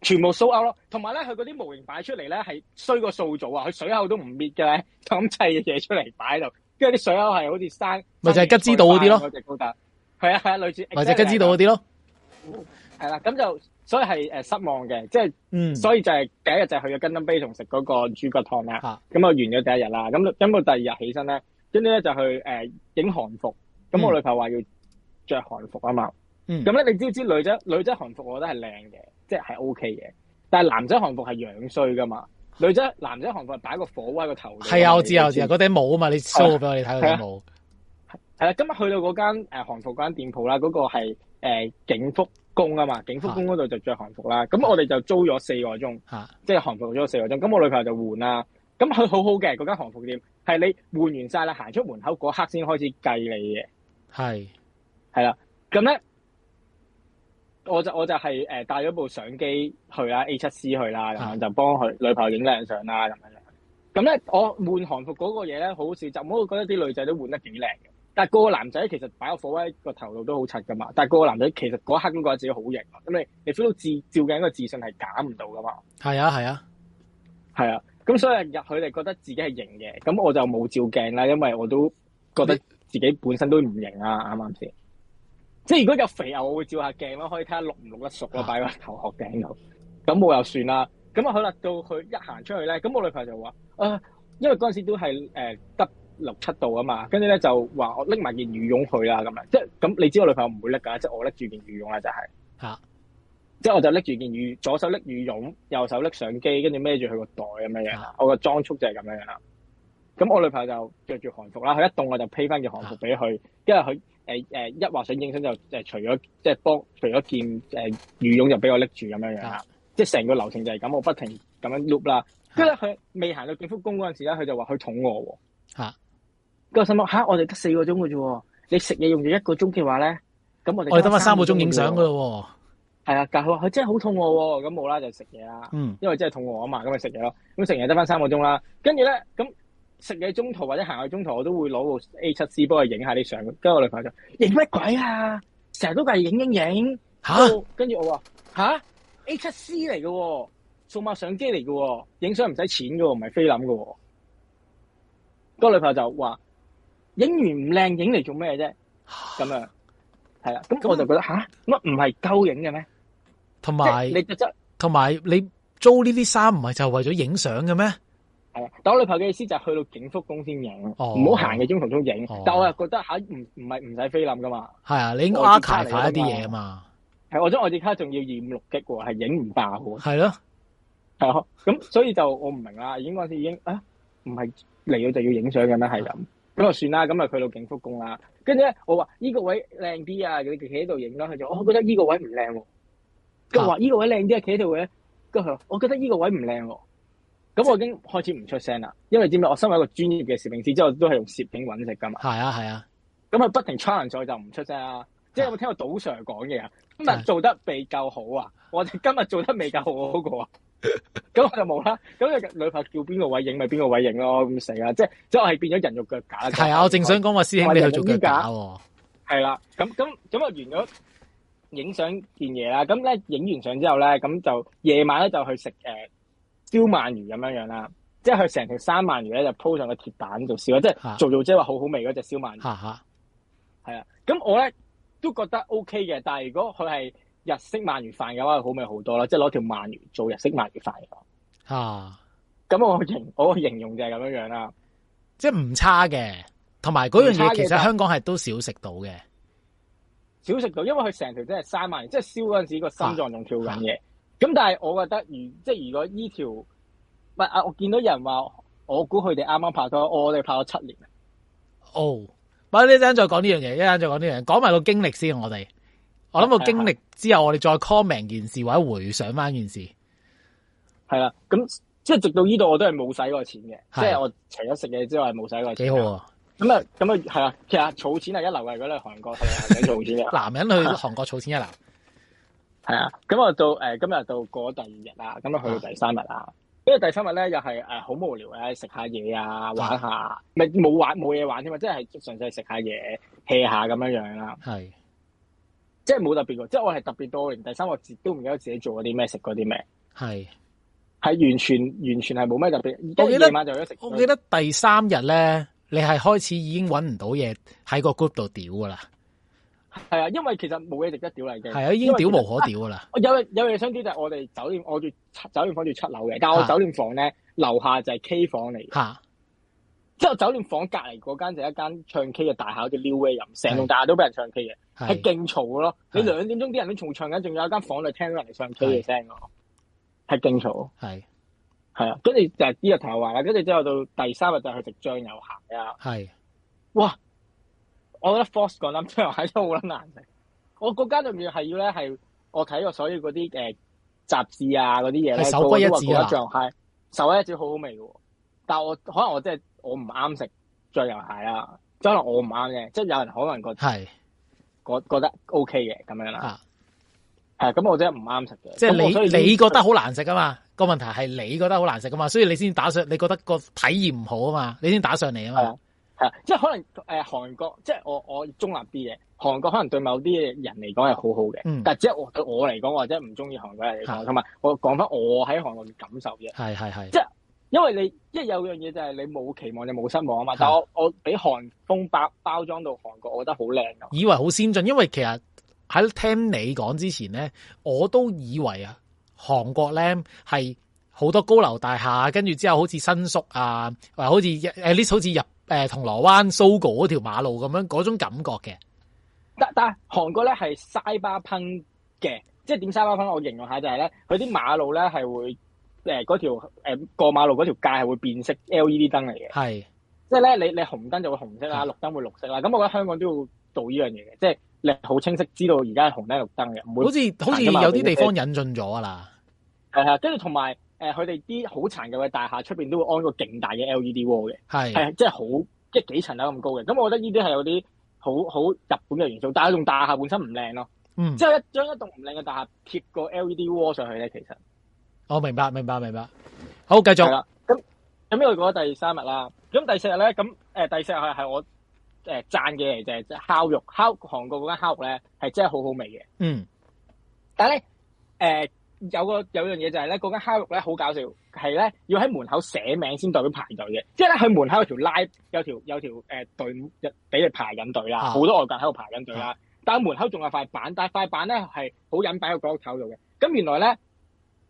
全部 show out 咯，同埋咧佢嗰啲模型擺出嚟咧係衰過素組啊，佢水口都唔滅嘅咧，咁砌嘅嘢出嚟擺喺度，跟住啲水口係好似生，咪就係吉之島嗰啲咯，係啊係啊類似，咪就吉之島嗰啲咯，係啦，咁就所以係誒失望嘅，即係嗯，所以就係第一日就去咗 Gundam Base 同食嗰個豬骨湯啦，咁啊完咗第一日啦，咁咁到第二日起身咧，跟住咧就去誒影韓服，咁我女朋友話要著韓服啊嘛。咁咧，嗯、你知唔知女仔女仔韓服，我覺得係靚嘅，即係 O K 嘅。但係男仔韓服係樣衰噶嘛？女仔男仔韓服戴個火威個頭，係啊，我知啊，知我知啊，嗰頂帽啊嘛，你 show 俾、啊、我哋睇個帽。係啦、啊，今日、啊啊、去到嗰間誒韓服嗰間店鋪啦，嗰、那個係景福宮啊嘛，景福宮嗰度就着韓服啦。咁、啊、我哋就租咗四個鐘，啊、即係韓服租咗四個鐘。咁我女朋友就換啦。咁佢好好嘅嗰間韓服店，係你換完晒啦，行出門口嗰刻先開始計你嘅。係是，係啦、啊。咁、嗯、咧。我就我就係誒帶咗部相機去啦，A7C 去啦，咁就幫佢的女朋友影靚相啦，咁樣。咁咧我換韓服嗰個嘢咧，好好笑。就我覺得啲女仔都換得幾靚嘅，但個個男仔其實擺個火威個頭腦都好柒噶嘛。但個個男仔其實嗰刻都覺，覺得自己好型。咁你你 feel 到自照鏡嘅自信係假唔到噶嘛？係啊係啊，係啊。咁所以入佢哋覺得自己係型嘅。咁我就冇照鏡啦，因為我都覺得自己本身都唔型啊，啱唔啱先？剛剛即係如果有肥牛，我會照下鏡咯，可以睇下錄唔錄得熟咯，擺個頭殼頂度。咁、啊、我又算啦。咁、嗯、啊，佢落到佢一行出去咧，咁我女朋友就話：，啊，因為嗰陣時都係誒得六七度啊嘛。跟住咧就話我拎埋件羽絨去啦咁啦。即係咁，你知我女朋友唔會拎㗎，即係我拎住件羽絨啦就係、是。嚇、啊！即係我就拎住件羽，左手拎羽絨，右手拎相機，跟住孭住佢個袋咁樣樣。啊、我個裝束就係咁樣樣啦。咁我女朋友就着住韓服啦。佢一凍我就披翻件韓服俾佢，啊、因為佢。誒誒、啊啊，一話想影相就，啊、除咗即係幫除咗件誒羽絨就俾我拎住咁樣樣，啊、即係成個流程就係咁，我不停咁樣 loop 啦。跟住咧佢未行到景福宮嗰陣時咧，佢就話佢肚餓喎。吓、啊，咁我心諗吓、啊，我哋得四個鐘嘅啫，你食嘢用咗一個鐘嘅話咧，咁我哋我得翻三個鐘影相噶咯。係啊，但係佢佢真係好肚餓喎，咁冇啦就食嘢啦。嗯，因為真係肚餓啊嘛，咁咪食嘢咯。咁食嘢得翻三個鐘啦。跟住咧咁。嗯食嘢中途或者行去中途，我都會攞部 A7C 幫佢影下啲相。跟住我女朋友就話：影乜鬼啊？成日都架係影影影嚇。跟住我話嚇 A7C 嚟嘅，數碼相機嚟嘅，影相唔使錢嘅，唔係菲林嘅。個女朋友就話：影完唔靚，影嚟做咩啫？咁樣係啦。咁我就覺得嚇乜唔係夠影嘅咩？同埋你真，同埋你租呢啲衫唔係就為咗影相嘅咩？係啊，但我女朋友嘅意思就係去到景福宮先影，唔好行嘅中途中影。但、哦、我又覺得吓唔唔係唔使菲林噶嘛。係啊，你應該睇樣一啲嘢嘛。係我張 SD 卡仲要二五六 G 喎，係影唔爆嘅。係咯的，係咯，咁所以就我唔明啦。應已經嗰時已經啊，唔係嚟咗就要影相嘅咩？係咁，咁啊 算啦，咁啊去到景福宮啦。跟住咧，我話呢、這個位靚啲啊，你企喺度影啦。佢就我覺得呢個位唔靚、哦。佢話呢個位靚啲啊，企喺度影。佢話我覺得呢個位唔靚、哦。咁我已經開始唔出聲啦，因為你知唔知我身為一個專業嘅攝影師，之後都係用攝影揾食噶嘛。係啊係啊，咁啊不停 try，再就唔出聲啦 即係我聽過賭 Sir 講嘢啊，今日做得比較好啊，或者今日做得未夠嗰個啊，咁 我就冇啦。咁啊，女朋友叫邊個位影咪邊個位影咯，咁死啊！即係即係我係變咗人肉腳架。係啊，我正想講話，師兄我說 你去做腳架。係啦在，咁咁咁啊，了完咗影相件嘢啦。咁咧影完相之後咧，咁就夜晚咧就去食誒。呃燒鰻魚咁樣樣啦，即係佢成條生鰻魚咧就鋪上個鐵板做燒，即係、啊、做做即係話好好味嗰隻燒鰻魚。係啊，咁、啊、我咧都覺得 OK 嘅。但係如果佢係日式鰻魚飯嘅話，佢好味好多啦。即係攞條鰻魚做日式鰻魚飯嘅啊，咁我形我形容就係咁樣樣啦，即係唔差嘅。同埋嗰樣嘢其實香港係都少食到嘅，少食到，因為佢成條真係生鰻魚，即係燒嗰陣時個心臟仲跳緊嘢、啊。咁但係我覺得如，如即係如果呢條，唔啊，我見到有人話，我估佢哋啱啱拍拖，我哋拍咗七年。哦，唔好一陣再講呢樣嘢，一陣再講呢樣，講埋個經歷先。我哋，的我諗個經歷之後，我哋再 comment 件事的或者回想翻件事，係啦。咁即係直到呢度，我都係冇使過錢嘅，的即係我除咗食嘢之外，冇使過錢。幾的好啊！咁啊，咁啊，係啊。其實儲錢係一流嘅，如果去韓國去儲錢嘅男人去韓國儲錢一流。係啊，咁、嗯、我到誒今日到過咗第二日啦，咁啊去到第三日啦、啊、因為第三日咧又係誒好無聊呀，食下嘢啊，玩下，冇哇玩冇嘢玩添，即係純粹食下嘢，hea 下咁樣樣啦，係，即係冇是特別噶，即係我係特別多嘅，連第三個節都唔記得自己做咗啲咩，食過啲咩，係是，係完全完全係冇咩特別。我記得就一食，我記得第三日咧，你係開始已經搵唔到嘢喺個 group 度屌噶啦。係啊，因為其實冇嘢值得屌嚟嘅，係啊，已經屌無可屌噶啦。啊、有有有我有有嘢想屌就係我哋酒店，我住酒店房住七樓嘅，但係我酒店房咧樓下就係 K 房嚟吓，即係我酒店房隔籬嗰間就係一間唱 K 嘅大 house 叫 New Way 咁，成棟大廈都俾人唱 K 嘅，係勁嘈咯。你兩點鐘啲人都仲唱緊，仲有一間房就聽到人哋唱 K 嘅聲噶，係勁嘈。係係啊，跟住就呢日頭話啦，跟住之後到第三日就去食醬油蟹啊，係是哇。我覺得 force 罐醬油蟹都好撚難食。我嗰家對面係要咧，係我睇過所有嗰啲誒雜誌啊嗰啲嘢咧，都話罐腩醬油蟹手一指好好味嘅。但係我可能我真係我唔啱食醬油蟹啊，可能我唔啱嘅，即係、就是、有人可能覺係是覺得覺得 OK 嘅咁樣啦。係咁、啊，啊、那我真係唔啱食嘅。即係你是你覺得好難食啊嘛？那個問題係你覺得好難食啊嘛？所以你先打上，你覺得個體驗唔好啊嘛？你先打上嚟啊嘛？係啊，即係可能誒韓國，即係我我中立啲嘅韓國，可能對某啲人嚟講係好好嘅，嗯、但係只係我對我嚟講，或者唔中意韓國人嚟講，同埋的我講翻我喺韓國嘅感受啫。係係係，即係因為你，即係有一樣嘢就係你冇期望就冇失望啊嘛。的但我我俾韓風包包裝到韓國，我覺得好靚咁，以為好先進，因為其實喺聽你講之前咧，我都以為啊韓國咧係好多高樓大廈，跟住之後好似新宿啊，或者好似呢，好似入。誒，銅鑼灣 Sogo 嗰條馬路咁樣嗰種感覺嘅，但但係韓國咧係 Cyberpunk 嘅，即係點 Cyberpunk？我形容下就係、是、咧，佢啲馬路咧係會誒嗰條誒過馬路嗰條街係會變色 LED 燈嚟嘅，係是即係咧你你紅燈就會紅色啦，是綠燈會綠色啦。咁我覺得香港都要做呢樣嘢嘅，即係你好清晰知道而家係紅燈綠燈嘅，唔好似好似有啲地方引進咗啊啦，係係跟住同埋。誒，佢哋啲好殘舊嘅大廈出邊都會安個勁大嘅 LED 窩嘅，係是的，係即係好即係幾層樓咁高嘅。咁我覺得呢啲係有啲好好日本嘅元素，但係佢棟大廈本身唔靚咯，嗯是。之後一張一棟唔靚嘅大廈貼個 LED 窩上去咧，其實我、哦、明白，明白，明白。好，繼續啦。咁咁呢個講第三日啦。咁第四日咧，咁誒、呃、第四日係係我誒、呃、讚嘅，就係烤肉，烤韓國嗰間烤肉咧係真係好好味嘅，嗯但呢。但係咧，誒。有個有樣嘢就係、是、咧，嗰間烤肉咧好搞笑，係咧要喺門口寫名先代表排隊嘅，即係咧喺門口有條拉有條有條誒、呃、隊俾你排緊隊啦，好、啊、多外國人喺度排緊隊啦。啊、但係門口仲有塊板，但係塊板咧係好隱蔽喺個角落度嘅。咁原來咧，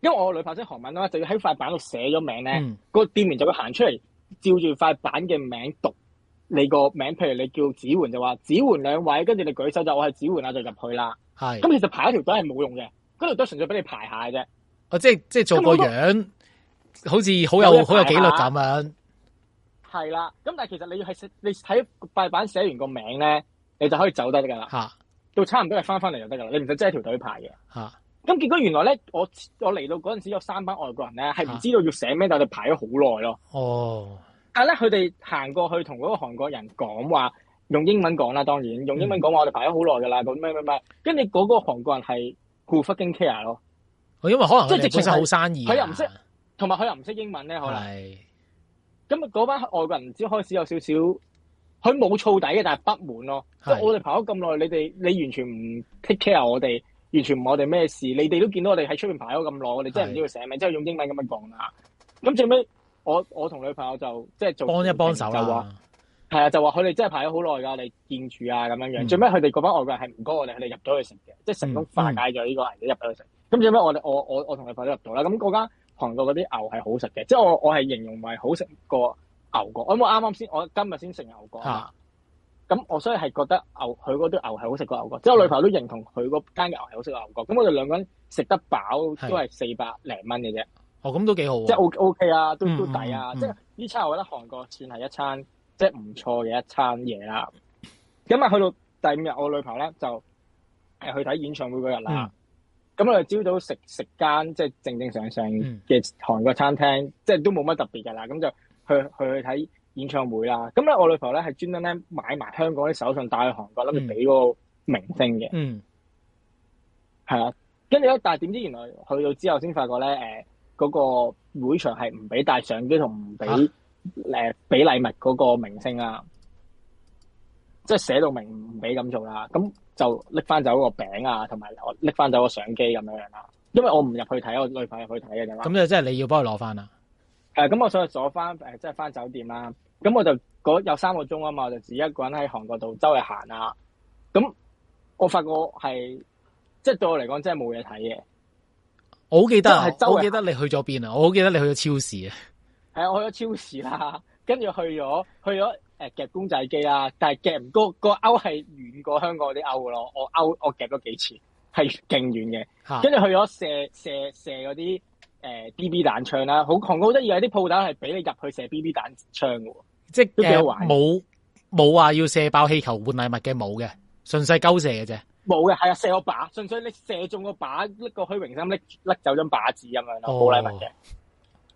因為我女朋友識韓文啦，就要喺塊板度寫咗名咧，個、嗯、店員就會行出嚟照住塊板嘅名讀你個名，譬如你叫子桓就話子桓兩位，跟住你舉手就我係子桓啊，就入去啦。咁是其實排一條隊係冇用嘅。嗰度都純粹俾你排下啫，哦，即係即係做個樣，好似好有好有紀律咁樣、啊。係啦，咁但係其實你要係你睇塊板寫完個名咧，你就可以走得噶啦。吓、啊、到差唔多係翻翻嚟就得噶啦。你唔使即係條隊排嘅。嚇、啊，咁結果原來咧，我我嚟到嗰陣時有三班外國人咧，係唔知道要寫咩，啊、但係排咗好耐咯。哦，但係咧佢哋行過去同嗰個韓國人講話，用英文講啦，當然用英文講話我哋排咗好耐噶啦。咁咩咩咩，跟住嗰個韓國人係。顧福京 care 咯，哦，佢因為可能即係直係好生意，佢又唔識，同埋佢又唔識英文咧，可能。咁啊是，嗰班外國人只開始有少少，佢冇燥底嘅，但係不滿咯。即是我哋排咗咁耐，你哋你完全唔 take care 我哋，完全唔係我哋咩事。你哋都見到我哋喺出邊排咗咁耐，我哋真係唔知佢寫咩，即係是用英文咁樣講啦。咁最尾，我我同女朋友就即係、就是、做幫一幫手話係啊，就話佢哋真係排咗好耐㗎，你見住啊咁樣樣。最尾佢哋嗰班外國人係唔該我哋，佢哋入咗去食嘅，即係成功化解咗呢個人哋入咗去食。咁最尾我哋我我我同你朋友入到啦。咁嗰間韓國嗰啲牛係好食嘅，即係我我係形容為好食過牛角。我冇啱啱先，我今日先食牛角啊。咁我所以係覺得牛佢嗰啲牛係好食過牛角。即係我女朋友都認同佢嗰間嘅牛係好食過牛角。咁我哋兩個人食得飽都係四百零蚊嘅啫。哦，咁都幾好啊，即係 O K 啊，都都抵啊！即係呢餐我覺得韓國算係一餐。即係唔錯嘅一餐嘢啦，咁啊去到第五日，我女朋友咧就係去睇演唱會嗰日啦。咁啊朝早食食間即係正正常常嘅韓國餐廳，嗯、即係都冇乜特別噶啦。咁就去去去睇演唱會啦。咁咧我女朋友咧係專登咧買埋香港啲手信帶去韓國，諗住俾個明星嘅。嗯，係啦。跟住咧，但係點知原來去到之後先發覺咧，誒、呃、嗰、嗰個會場係唔俾帶相機同唔俾。誒，俾禮物嗰個明星啊，即係寫到明唔俾咁做啦，咁就拎翻走個餅啊，同埋拎翻走個相機咁樣樣啦。因為我唔入去睇，我女朋友入去睇嘅啫嘛。咁就即係你要幫佢攞翻啊？誒，咁我想去咗翻誒，即係翻酒店啦。咁我就有三個鐘啊嘛，我就自己一個人喺韓國度周圍行啊。咁我發覺係，即係對我嚟講，真係冇嘢睇嘅。我好記得，周我記得，我記得你去咗邊啊？我好記得你去咗超市啊。係啊，我去咗超市啦，跟住去咗去咗夾公仔機啦，但係夾唔高，個勾係遠過香港啲勾咯。我勾我夾咗幾次，係勁遠嘅。跟住去咗射射射嗰啲 B B 彈槍啦，好韓國好得意啊！啲鋪頭係俾你入去射 B B 彈槍喎，即係都幾好玩，冇冇話要射爆氣球換禮物嘅冇嘅，純粹鳩射嘅啫。冇嘅，係啊射個靶，純粹你射中個靶，拎個虛榮心，拎拎走張靶子咁樣咯，冇禮物嘅。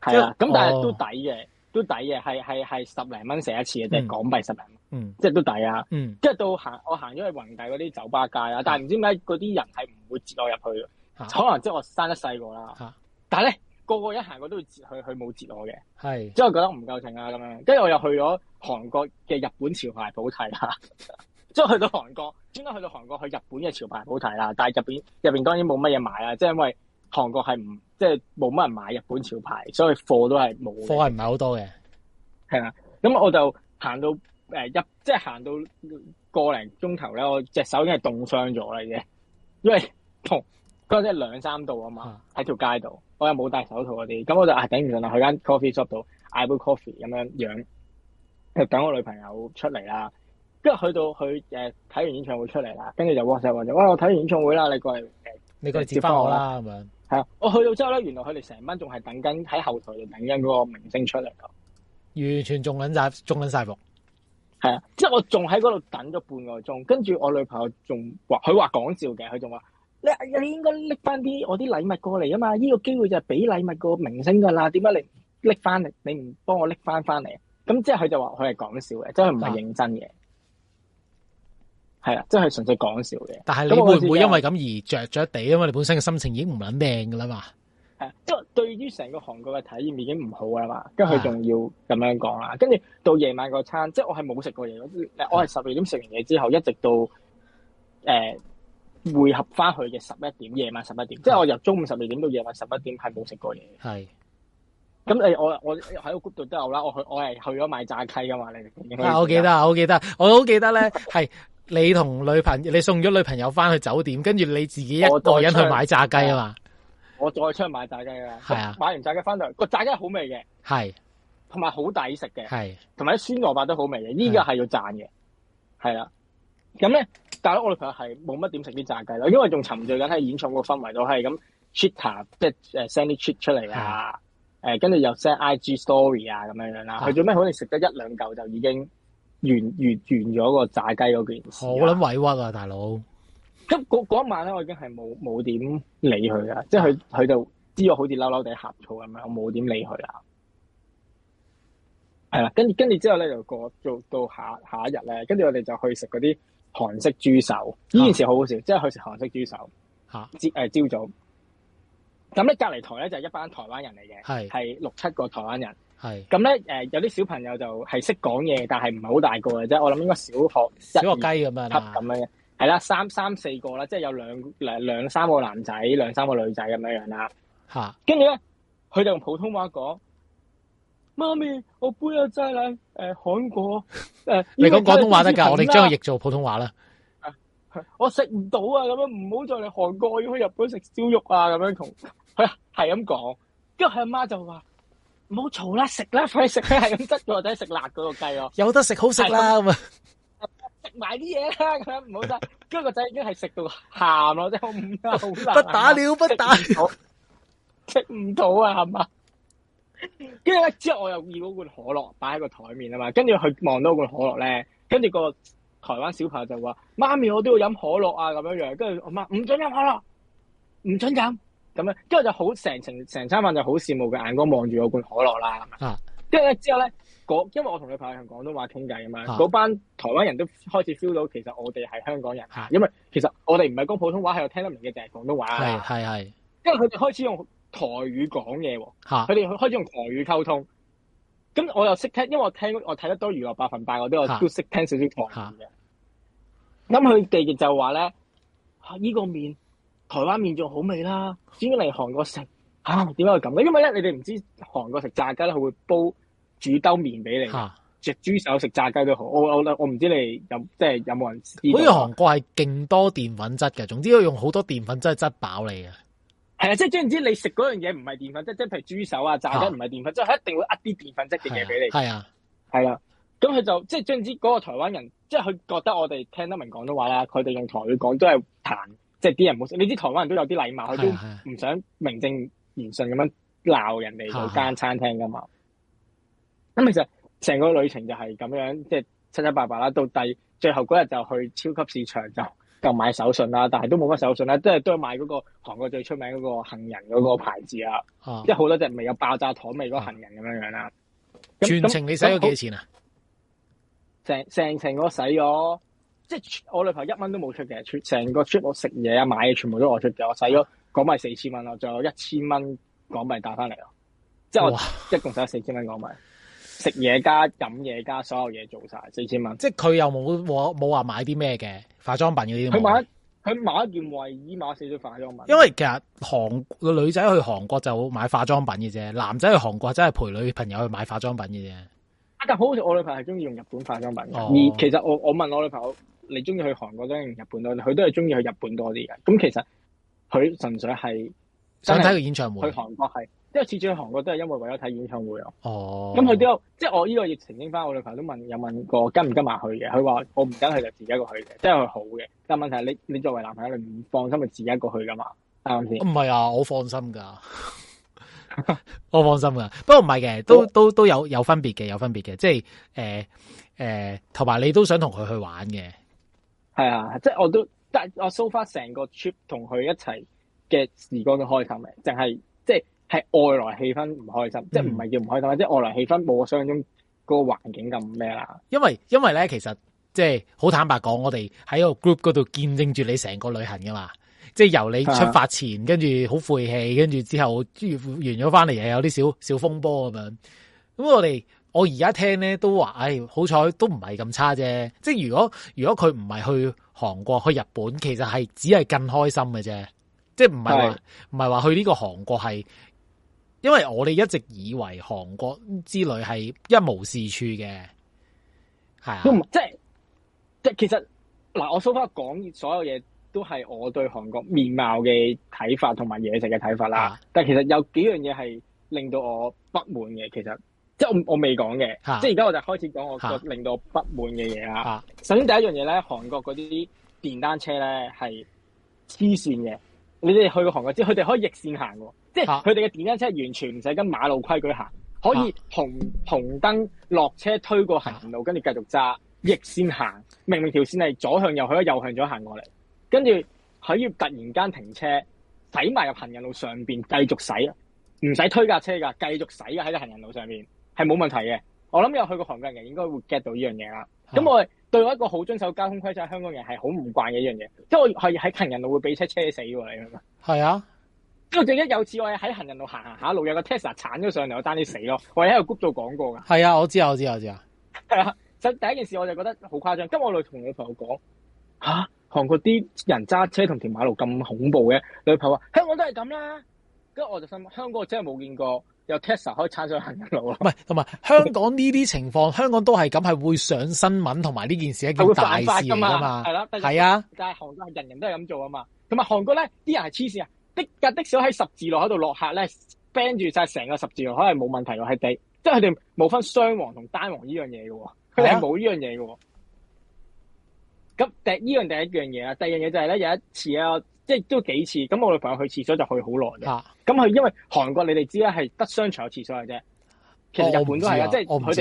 係啦，咁、啊、但係都抵嘅，哦、都抵嘅，係係係十零蚊寫一次嘅，即係港幣十零蚊，嗯，即係都抵啊，嗯，跟住到行，我行咗去弘大嗰啲酒吧街啦，啊、但係唔知點解嗰啲人係唔會截我入去，啊、可能即係我生得細個啦，啊、但係咧個個一行我都會截佢，佢冇截我嘅，係、啊，即係我覺得唔夠勁啊咁樣，跟住我又去咗韓國嘅日本潮牌舖頭啦，即 係去到韓國，專登去到韓國去日本嘅潮牌舖頭啦，但係入邊入邊當然冇乜嘢買啊，即係因為。韓國係唔即係冇乜人買日本潮牌，所以貨都係冇，貨係唔係好多嘅，係啊。咁我就行到誒入、呃、即係行到個零鐘頭咧，我隻手已經係凍傷咗啦，已經，因為同嗰陣即係兩三度啊嘛，喺條街度，啊、我又冇戴手套嗰啲，咁我就啊頂唔順啦，去間 coffee shop 度嗌杯 coffee 咁樣樣，就等我女朋友出嚟啦，跟住去到佢誒睇完演唱會出嚟啦，跟住就 WhatsApp 哇，我睇完演唱會啦，你過嚟、呃、你過嚟接翻我啦咁係啊，我去到之後咧，原來佢哋成班仲係等緊喺後台度等緊嗰個明星出嚟咯，完全仲緊晒，仲緊晒服。係啊，即係我仲喺嗰度等咗半個鐘，跟住我女朋友仲話，佢話講笑嘅，佢仲話你你應該拎翻啲我啲禮物過嚟啊嘛，呢個機會就係俾禮物個明星噶啦，點解你拎翻嚟？你唔幫我拎翻翻嚟？咁即係佢就話佢係講笑嘅，的即係佢唔係認真嘅。係啊，即係純粹講笑嘅。但係你會唔會因為咁而着咗地因為，你本身嘅心情已經唔穩定噶啦嘛。係啊，即係對於成個韓國嘅體驗已經唔好啊嘛。跟住佢仲要咁樣講啦。跟住唉到夜晚個餐，即係我係冇食過嘢。我係十二點食完嘢之後，一直到誒匯、呃、合翻去嘅十一點，夜晚十一點。的即係我由中午十二點到夜晚十一點係冇食過嘢。係的。咁你我我喺個 group 度都有啦。我去我係去咗買炸雞噶嘛？你。啊，我記得啊，我記得，我好記得咧，係。 你同女朋友，你送咗女朋友翻去酒店，跟住你自己一個人去買炸雞啊嘛？我再出去買炸雞啦，係啊，買完炸雞翻嚟，個炸雞好味嘅，係是，同埋好抵食嘅，係是，同埋啲酸蘿蔔都好味嘅，是啊、呢個係要賺嘅，係啦。咁咧，但係我女朋友係冇乜點食啲炸雞咯，因為仲沉醉緊喺演唱會嗰個氛圍度，係咁 chat 即係 send 啲 chat 出嚟啊，誒是，跟住又 send IG story 啊咁樣樣啦。佢做咩？可能食得一兩嚿就已經。完完完咗個炸雞嗰件事，啊，好捻委屈啊，大佬！咁嗰晚咧，我已經係冇冇點理佢噶，即係佢佢就知我好似嬲嬲地呷醋咁樣，我冇點理佢啦。係啦，跟住跟住之後咧，就過到到下下一日咧，跟住我哋就去食嗰啲韓式豬手。呢，啊，件事好好笑，即係去食韓式豬手。吓，啊，朝誒朝早。咁咧，隔籬台咧就係一班台灣人嚟嘅，係六七個台灣人。係咁咧，誒是，有啲小朋友就係識講嘢，但係唔係好大個嘅啫。我諗應該小學小學雞咁樣啦，咁樣係啦，三三四個啦，即係有兩兩三個男仔，兩三個女仔咁樣樣啦。吓的，跟住咧，佢就用普通話講：媽咪，我好、就是呃呃、啊，真係，誒，韓國，誒，你講廣東話得噶，我哋將佢譯做普通話啦、啊。我食唔到啊，咁樣唔好再嚟韓國，要去日本食燒肉啊，咁樣同佢係咁講，跟住佢阿媽就話。唔好嘈啦，食啦，快食啦，係咁塞個仔食辣嗰個雞咯，有得食好食啦咁啊，食埋啲嘢啦咁，唔好得。跟住個仔已經係食到喊咯，即係好唔得，好難。不打了，不打，食唔到啊，係嘛？跟住之後我又攰嗰罐可樂擺喺個台面啊嘛，跟住佢望到嗰罐可樂咧，跟住個台灣小朋友就話：媽咪，我都要飲可樂啊，咁樣樣。跟住我媽：唔准飲可樂，唔准飲。咁樣，跟住就好成成成餐飯就好羨慕嘅眼光望住我罐可樂啦。咁、啊，跟住咧之後咧，因為我同女朋友用廣東話傾偈啊嘛，嗰、啊、班台灣人都開始 feel 到其實我哋係香港人，啊、因為其實我哋唔係講普通話，係我聽得明嘅就係廣東話。係係係，因為佢哋開始用台語講嘢喎，佢哋、啊、開始用台語溝通。咁我又識聽，因為我聽我睇得多《娛樂百分百》，我都都識聽少少台語嘅。咁佢哋就話咧，呢、啊呢個面。台灣麵仲好味啦，點解嚟韓國食啊？點解會咁咧？因為咧，你哋唔知韓國食炸雞咧，佢會煲煮兜麵俾你，食、啊、豬手食炸雞都好。我我我唔知你有即係有冇人知道。因為韓國係勁多澱粉質嘅，總之佢用好多澱粉質質飽你啊。係啊，即係即係唔知你食嗰樣嘢唔係澱粉質，即係譬如豬手啊、炸雞唔係澱粉質，啊、一定會呃啲澱粉質嘅嘢俾你。係啊，係啦，咁佢就即係即係唔知嗰個台灣人，即係佢覺得我哋聽得明廣東話啦，佢哋用台語講都係彈。即係啲人冇，你知台灣人都有啲禮貌，佢都唔想名正言順咁樣鬧人哋個間餐廳噶嘛。咁其實成個旅程就係咁樣，即係七七八八啦。到第最後嗰日就去超級市場就購買手信啦，但係都冇乜手信啦，即係都係買嗰個韓國最出名嗰個杏仁嗰個牌子啊，即係好多隻味有爆炸糖味嗰個杏仁咁樣樣啦。全程你使咗幾多錢啊？成成程我使咗。整整即係我女朋友一蚊都冇出嘅，出成個出我食嘢啊買嘢全部都我出嘅，我使咗講埋四千蚊咯，仲有一千蚊港幣帶翻嚟咯。即係我一共使咗四千蚊港幣，哇食嘢加飲嘢加所有嘢做晒四千蚊。4, 即係佢又冇冇話買啲咩嘅化妝品嗰啲。佢買佢買一件衛衣，買四對化妝品。因為其實韓個女仔去韓國就買化妝品嘅啫，男仔去韓國真係陪女朋友去買化妝品嘅啫。啊，但係好似我女朋友係中意用日本化妝品，哦、而其實我我問我女朋友。你中意去韓國多定日本多？佢都係中意去日本多啲嘅。咁其實佢純粹係想睇個演唱會。去韓國係，因為次次去韓國都係因為為咗睇演唱會咯。哦。咁佢都，即係我呢個疫情拎翻，我女朋友都問，有問過跟唔跟埋去嘅？佢話我唔跟佢就是、自己一個去嘅，即係佢好嘅。但係問題係你，你作為男朋友你唔放心佢自己一個去噶嘛？啱唔啱先？唔係啊，我放心噶， 我放心噶。不過唔係嘅，都我都都，都有有分別嘅，有分別嘅。即係誒誒，同、呃、埋、呃、你都想同佢去玩嘅。係啊，即係我都，但係我 so far 成個 trip 同佢一齊嘅時光都開心嘅，淨係即係外來氣氛唔開心、嗯，即係唔係叫唔開心，即係外來氣氛冇我想象中嗰個環境咁咩啦。因為因為咧，其實即係好坦白講，我哋喺個 group 嗰度見證住你成個旅行噶嘛，即係由你出發前，跟住好晦氣，跟住之後完咗翻嚟，又有啲小小風波咁樣，咁我哋。我、哎、而家聽咧都話，唉，好彩都唔係咁差啫。即係如果如果佢唔係去韓國去日本，其實係只係更開心嘅啫。即係唔係話唔係話去呢個韓國係，因為我哋一直以為韓國之旅係一無是處嘅。係啊，即係即係其實嗱，我數返講，講所有嘢,都係我對韓國面貌嘅睇法同埋嘢食嘅睇法啦。啊、但係其實有幾樣嘢係令到我不滿嘅，其實。即係我我未講嘅，啊、即係而家我就開始講我個、啊、令到不滿嘅嘢啦。啊、首先第一樣嘢咧，韓國嗰啲電單車咧係黐線嘅。你哋去過韓國之佢哋可以逆線行喎。啊、即係佢哋嘅電單車完全唔使跟馬路規矩行，可以紅紅燈落車推過行人路，跟住繼續揸逆線行。明明條線係左向右，去，以右向左行過嚟，跟住佢要突然間停車駛埋入行人路上邊繼續駛啦，唔使推架車㗎，繼續駛㗎，喺個行人路上面。係冇問題嘅，我諗有去過韓國人應該會 get 到呢樣嘢啦。咁、啊、我對我一個好遵守交通規則嘅香港人係好唔慣嘅一樣嘢，即係我係喺行人路會俾出車死喎，你明唔明？係啊，因為最近有次我係喺行人路行行下，路有個 Tesla 鏟咗上嚟，我單啲死咯。我喺個 group 度講過噶。係啊，我知啊，我知啊，我知啊。係啊，就第一件事我就覺得好誇張。咁我嚟同女朋友講嚇、啊，韓國啲人揸車同條馬路咁恐怖嘅，女朋友話香港都係咁啦。咁我就心諗香港我真係冇見過。有 taxi 可以撐上行一路咯，唔係同埋香港呢啲情況， 香港都係咁，係會上新聞同埋呢件事一件大事㗎嘛，係咯，係啊，但係韓國係人人都係咁做㗎嘛，同埋、啊、韓國咧啲人係黐線啊的架的士喺十字路口喺度落客咧，band 住曬成個十字路口，可能冇問題喎，係地，即係佢哋冇分雙黃同單黃呢樣嘢嘅喎，佢哋係冇呢樣嘢嘅喎。咁第樣，第一樣嘢呀，第二樣嘢就係咧，有一次啊。即係都幾次，咁我女朋友去廁所就去好耐嘅。咁佢、啊、因為韓國你哋知咧係得商場有廁所嘅啫，其實日本都係啊，哦、即係佢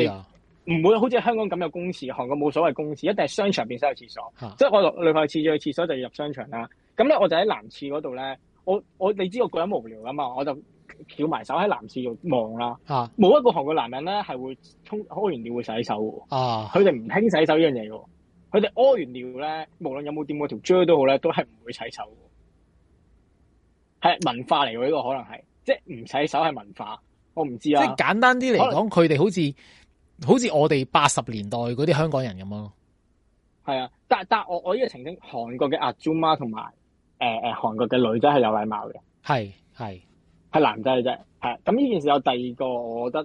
哋唔會好似香港咁有公廁，韓國冇所謂公廁，一定係商場入邊先有廁所。啊、即係我女朋友次次去廁所就要入商場啦。咁咧我就喺男廁嗰度咧，我我你知道我個人無聊噶嘛，我就翹埋手喺男廁度望啦。吓、啊，冇一個韓國男人咧係會沖屙完尿會洗手喎。啊，佢哋唔興洗手呢樣嘢嘅。佢哋屙完尿咧，無論有冇掂過條蕉都好咧，都係唔會洗手。係文化嚟喎，呢個可能係，即係唔洗手係文化，我唔知啊。即係簡單啲嚟講，佢哋能好似好似我哋八十年代嗰啲香港人咁咯。係啊，但但我我呢個情景，韓國嘅阿珠媽同埋誒誒，呃、韓國嘅女仔係有禮貌嘅，係係係男仔嘅啫。係咁呢件事有第二個，我覺得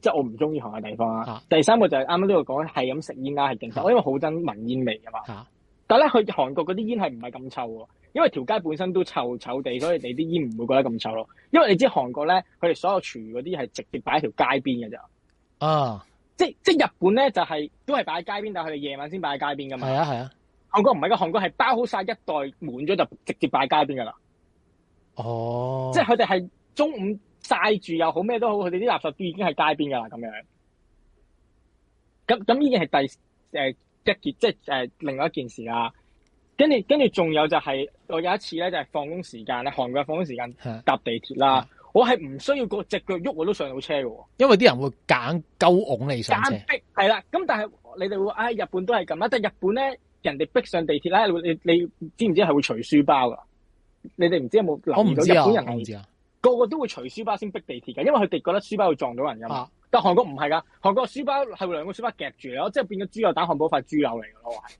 即係、就是、我唔中意韓嘅地方啦。啊、第三個就係啱啱呢度講係咁食煙啦，係正常，啊、我因為好憎聞煙味㗎嘛。吓、啊，但係咧佢韓國嗰啲煙係唔係咁臭喎。因為條街本身都臭臭地，所以你啲煙唔會覺得咁臭咯。因為你知韓國咧，佢哋所有廚餘啲係直接擺喺條街邊嘅咋。啊、uh，即即日本咧就係、是、都係擺喺街邊，但係佢哋夜晚先擺喺街邊噶嘛。係啊係啊！韓國唔係個韓國係包好晒一袋滿咗就直接擺喺街邊㗎啦。哦！Uh, 即佢哋係中午晒住又好咩都好，佢哋啲垃圾都已經喺街邊㗎啦。咁樣。咁咁呢件係第呃一件、呃，即係、呃、另外一件事啊。跟住，跟住仲有就係、是、我有一次咧，就係放工時間咧，韓國放工時間搭地鐵啦，我係唔需要個隻腳喐我都上到車嘅喎，因為啲人會揀鳩擁你上逼，係啦，咁但係你哋會唉、哎，日本都係咁啊，但日本咧，人哋逼上地鐵咧，你你,你知唔知係會除書包噶？你哋唔知有冇留意到日本人係個個都會除書包先逼地鐵嘅，因為佢哋覺得書包會撞到人嘅。啊、但韓國唔係噶，韓國書包係兩個書包夾住咯，即係變咗豬油打漢堡塊豬油嚟嘅咯，係。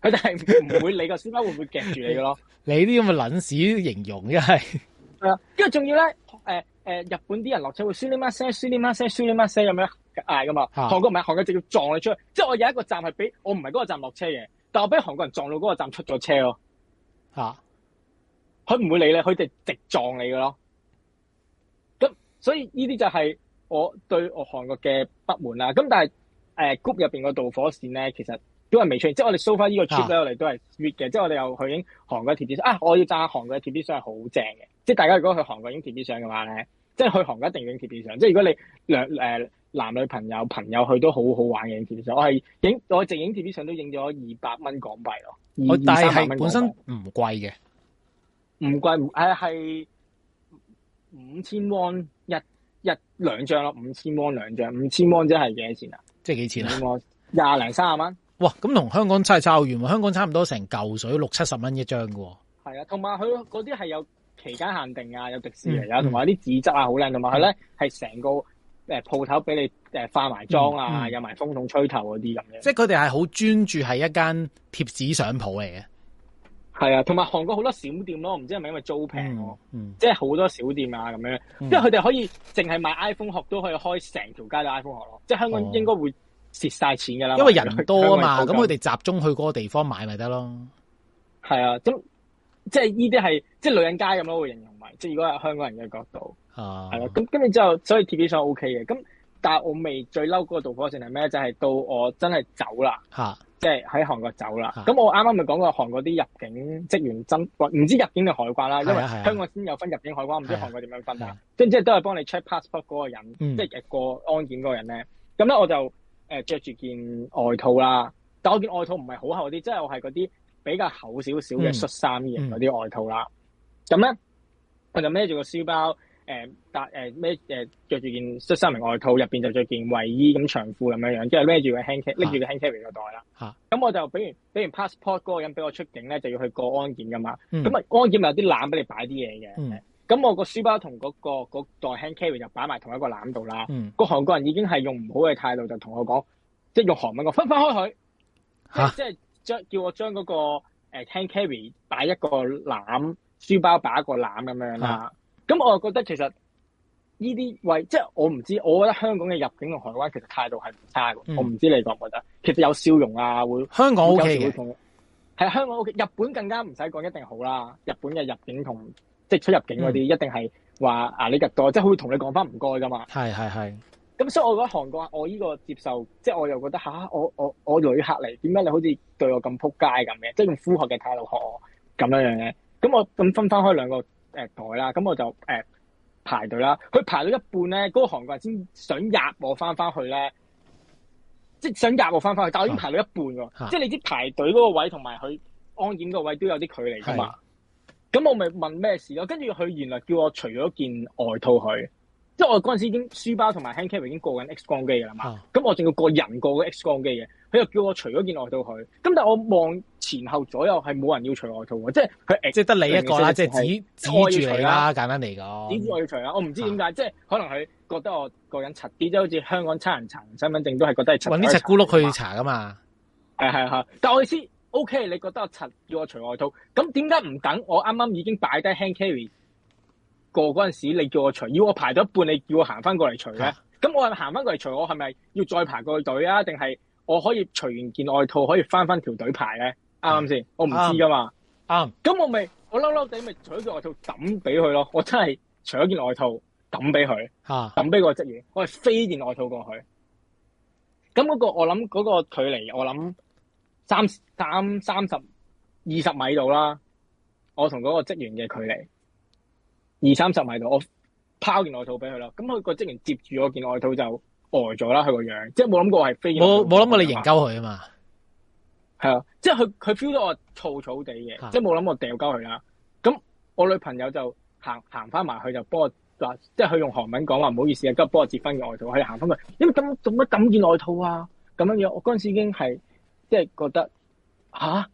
佢就係唔會理個司機會唔 會夾住你嘅咯，你啲咁嘅撚屎形容，一係係啊，跟住仲要咧，誒誒，日本啲人落車會輸你媽聲，輸你媽聲，輸你媽聲咁樣嗌噶嘛，韓國唔係，韓國直接撞你出去即係我有一個站係俾我唔係嗰個站落車嘅，但我俾韓國人撞到嗰個站出咗車咯，吓，佢唔會理你，佢就直撞你嘅咯，咁所以呢啲就係我對我韓國嘅不滿啦，咁但係誒 group 入邊個導火線咧，其實。都係未出現，即係我哋 so far 呢個 trip 咧，啊、我哋都係 r 嘅。即係我哋又去影韓國貼紙相啊！我要贊下韓國嘅貼紙相係好正嘅。即係大家如果去韓國影貼紙相嘅話咧，即係去韓國一定要影貼紙相。即係如果你兩誒、呃、男女朋友朋友去都好好玩嘅影貼紙相。我係影我直影貼紙相都影咗二百蚊港幣咯。但係係本身唔貴嘅，唔貴誒係五千蚊一一兩張咯，五千蚊兩張，五千蚊即係幾錢啊？即係幾錢啊？五廿零卅蚊。哇！咁同香，香港差唔多，差好遠喎，香港差唔多，成嚿水六七十蚊一張噶係啊，同埋佢嗰啲係有期間限定啊，有迪士尼、嗯、啊，同埋啲紙質啊好靚，同埋佢咧係成個誒鋪頭俾你誒化埋妝啊，有埋、嗯嗯、風筒吹頭嗰啲咁樣。即係佢哋係好專注係一間貼紙相鋪嚟嘅。係啊，同埋韓國好多小店咯，唔知係咪因為租平咯、啊？嗯嗯、即係好多小店啊，咁樣，嗯、因為佢哋可以淨係賣 iPhone 殼都可以開成條街嘅 iPhone 殼咯。即係香港應該會、哦。蝕晒錢噶啦，因為人多啊嘛，咁佢哋集中去嗰個地方買咪得咯。係啊，咁、啊、即係呢啲係即係女人街咁樣會形容埋，即係如果係香港人嘅角度，係啦、啊。咁跟住之後，所以 TV 上 OK 嘅。咁但係我未最嬲嗰個導火線係咩就係、是、到我真係走啦，即係喺韓國走啦。咁我啱啱咪講過韓國啲入境職員真，唔知入境嘅海關啦，因為香港先有分入境海關，唔、啊、知韓國點樣分的啊？是啊，即係都係幫你 check passport 嗰個人，嗯、即係過安檢嗰個人咧。咁咧我就。誒著住件外套啦，但我件外套唔係好厚啲，即係我係嗰啲比較厚少少嘅恤衫型嗰啲外套啦。咁咧、嗯，佢、嗯、就孭住個書包，誒搭誒孭誒著住件恤衫型外套，入邊就着件衞衣咁長褲咁樣樣，即係孭住個 hand carry 拎住、啊、個 hand carry 袋啦。嚇、啊！咁、啊、我就俾完俾完 passport 嗰個人俾我出境咧，就要去過安檢噶嘛。咁啊、嗯，安檢咪有啲籃俾你擺啲嘢嘅。嗯咁我個書包同嗰、那個嗰袋 hand carry 就擺埋同一個籃度啦。個韓、嗯、國人已經係用唔好嘅態度就同我講，即、就、係、是、用韓文我分返開佢，即係將叫我將嗰個誒 hand carry 擺一個籃，書包擺一個籃咁樣啦。咁、啊、我就覺得其實呢啲位即係、就是、我唔知，我覺得香港嘅入境同台灣其實態度係唔差。嗯、我唔知你覺唔覺得？其實有笑容啊，會香港會有 OK 會同係香港 OK，日本更加唔使講一定好啦。日本嘅入境同。即係出入境嗰啲，嗯、一定係話啊，是、就是、你入多，即係佢會同你講翻唔該噶嘛。係係係。咁所以我覺得韓國，我呢個接受，即係我又覺得吓、啊，我我我旅客嚟，點解你好似對我咁扑街咁嘅？即係用呼喝嘅態度學我咁樣樣嘅，咁我咁分返開兩個誒、呃、袋啦，咁我就誒、呃、排隊啦。佢排到一半咧，嗰、那個韓國人先想壓我翻翻去咧，即係想壓我翻翻去，但我已經排到一半噶，啊、即係你知道排隊嗰個位同埋佢安檢嗰個位都有啲距離噶嘛。咁我咪問咩事咯？跟住佢原來叫我除咗件外套佢，即係我嗰陣時已經書包同埋 hand carry 已經過緊 X 光機㗎啦嘛。咁、啊、我仲要過人過個 X 光機嘅，佢又叫我除咗件外套佢。咁但係我望前後左右係冇人要除外套喎，即係佢即係得你一個後你啦，即係指指住佢啦，簡單嚟講。點知我要除、嗯、啊？我唔知點解，即係可能佢覺得我個人賊啲，即係、啊、好似香港差人查身份證都係覺得係。揾呢隻咕嚕去查㗎嘛？係係係。但我意思。O.K.，你覺得阿陳要我除外套，咁點解唔等我啱啱已經擺低 hand carry 過嗰陣時，你叫我除，要我排到一半，你叫我行翻過嚟除咧？咁、uh huh。我係行翻過嚟除？我係咪要再排過去隊啊？定係我可以除完件外套可以翻翻條隊排咧？啱啱先？我唔知噶嘛。啱。咁我咪我嬲嬲地咪除咗件外套抌俾佢咯。我真係除咗件外套抌俾佢，抌俾個職員，我係飛件外套過去。咁嗰、那個我諗嗰個距離，我諗。三三三十二十米度啦，我同嗰個職員嘅距離二三十米度，我拋件外套俾佢啦。咁佢個職員接住我件外套就呆咗啦，佢個樣即係冇諗過係飛。冇冇諗過你迎鳩佢啊嘛？係啊，即係佢佢 feel 到我燥燥地嘅，即係冇諗我掉鳩佢啦。咁我女朋友就行行翻埋去就幫我話，即係佢用韓文講話唔好意思啊，今日幫我接翻件外套。佢喺行翻去，因為咁做乜抌件外套啊？咁樣嘢，我嗰陣時已經係。即係覺得吓？啊，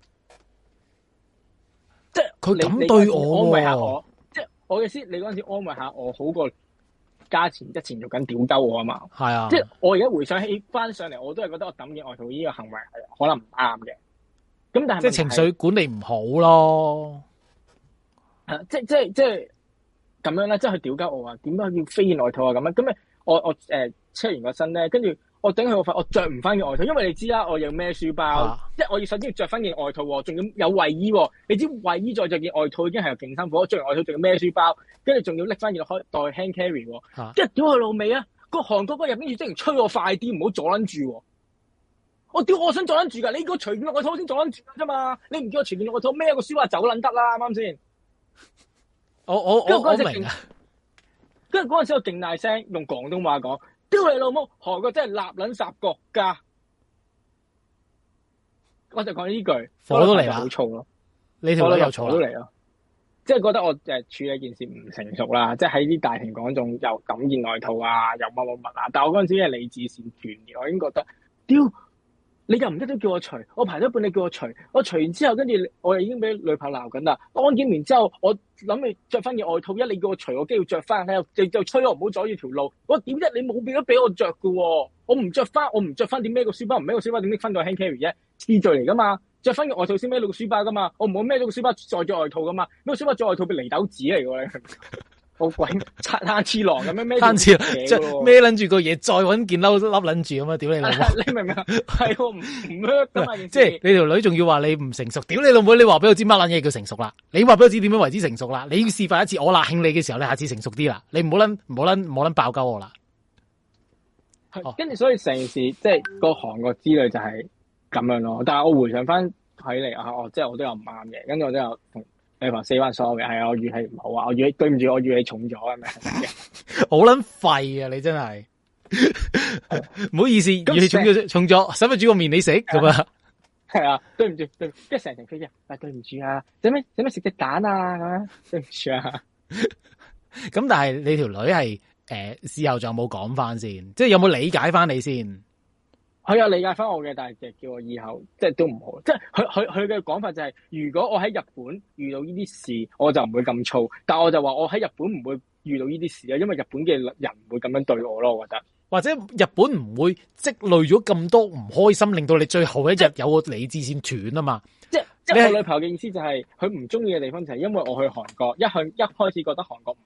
即係佢咁對我，安慰下我。即係我嘅意思，你嗰陣時安慰下我，好過加錢一前做緊屌鳩我是啊嘛。係啊，即係我而家回想起翻上嚟，我都係覺得我抌嘢外套呢個行為係可能唔啱嘅。咁但係即係情緒管理唔好咯。誒，即係即係即係咁樣咧，即係佢屌鳩我啊，點解要飛外套啊？咁樣咁啊！我我誒，車完個身咧，跟住。我頂佢個肺，我着唔翻嘅外套，因為你知啦，我又孭書包，啊、即係我要首先要着翻件外套喎，仲要有衞衣喎。你知衞衣再着件外套已經係又勁辛苦，着完外套仲要孭書包，跟住仲要拎翻件開袋 hand carry 喎，跟住屌佢老味尾啊？個韓國嗰入邊要即係催我快啲，唔好阻撚住。我屌，我想阻撚住㗎，你嗰隨便落個先阻撚住啫嘛，你唔叫我隨便一個我個拖孭個書包走撚得啦，啱先。我我我我明。跟住嗰陣時，我勁大聲用廣東話講。丟你老母，韓國真係立卵殺國㗎？我就講呢句，火都嚟喇，好燥咯，呢條友火都嚟咯，即係覺得我就係處理件事唔成熟啦，嗯、即係喺啲大庭廣眾又抌件外套啊，又乜乜乜啊，但係我嗰陣時係理智線斷裂，我已經覺得，屌！你又唔得都叫我除，我排到一半你叫我除，我除完之後跟住我又已經俾女朋友鬧緊啦。安檢完之後我諗你着翻件外套，一你叫我除我都要着翻，你又又催我唔好阻住條路。我點啫？你冇變咗俾我着噶？我唔着翻，我唔着翻點孭個書包？唔孭個書包點拎分個 hand carry 啫？秩序嚟噶嘛？着翻件外套先孭到個書包噶嘛？我唔好孭咗個書包再着外套噶嘛？咩書包着外套變泥豆子嚟嘅？.好鬼拆下次郎咁樣孭住嘢，孭捻住個嘢，再搵件褸笠捻住咁啊！屌 你老母，你明唔明啊？係我唔唔叻噶嘛？即係你條女仲要話你唔成熟，屌你老母！你話俾我知乜捻嘢叫成熟啦？你話俾我知點樣為之成熟啦？你要示範一次我啦，慶你嘅時候你下次成熟啲啦，你唔好捻唔好捻唔好捻爆鳩我啦！是哦、跟住所以成件事即係個韓國之類就係咁樣咯。但係我回想翻睇嚟啊，即我即係、嗯、我都有唔啱嘅，跟住我都有。你四萬所有係啊，我語氣唔好啊，我語氣對唔住，我語氣你重咗咪？是是 好捻廢啊，你真係唔 好意思，語氣你重咗、嗯、重咗，使唔使煮個麵你食咁啊？係啊的樣，對唔住，跟住成日停對對唔住啊，使咩？使咩？食隻蛋啊？咁對唔住啊，咁 但係你條女係誒，事、呃、後仲有冇講翻先，即係有冇理解翻你先？佢有理解翻我嘅，但係就叫我以後即係都唔好，即係佢佢佢嘅講法就係，如果我喺日本遇到呢啲事，我就唔會咁燥；但係我就話我喺日本唔會遇到呢啲事啊，因為日本嘅人唔會咁樣對我咯，我覺得。或者日本唔會積累咗咁多唔開心，令到你最後一日有個理智線斷啊嘛。即係即係我女朋友嘅意思就係，佢唔中意嘅地方就係因為我去韓國一向一開始覺得韓國唔。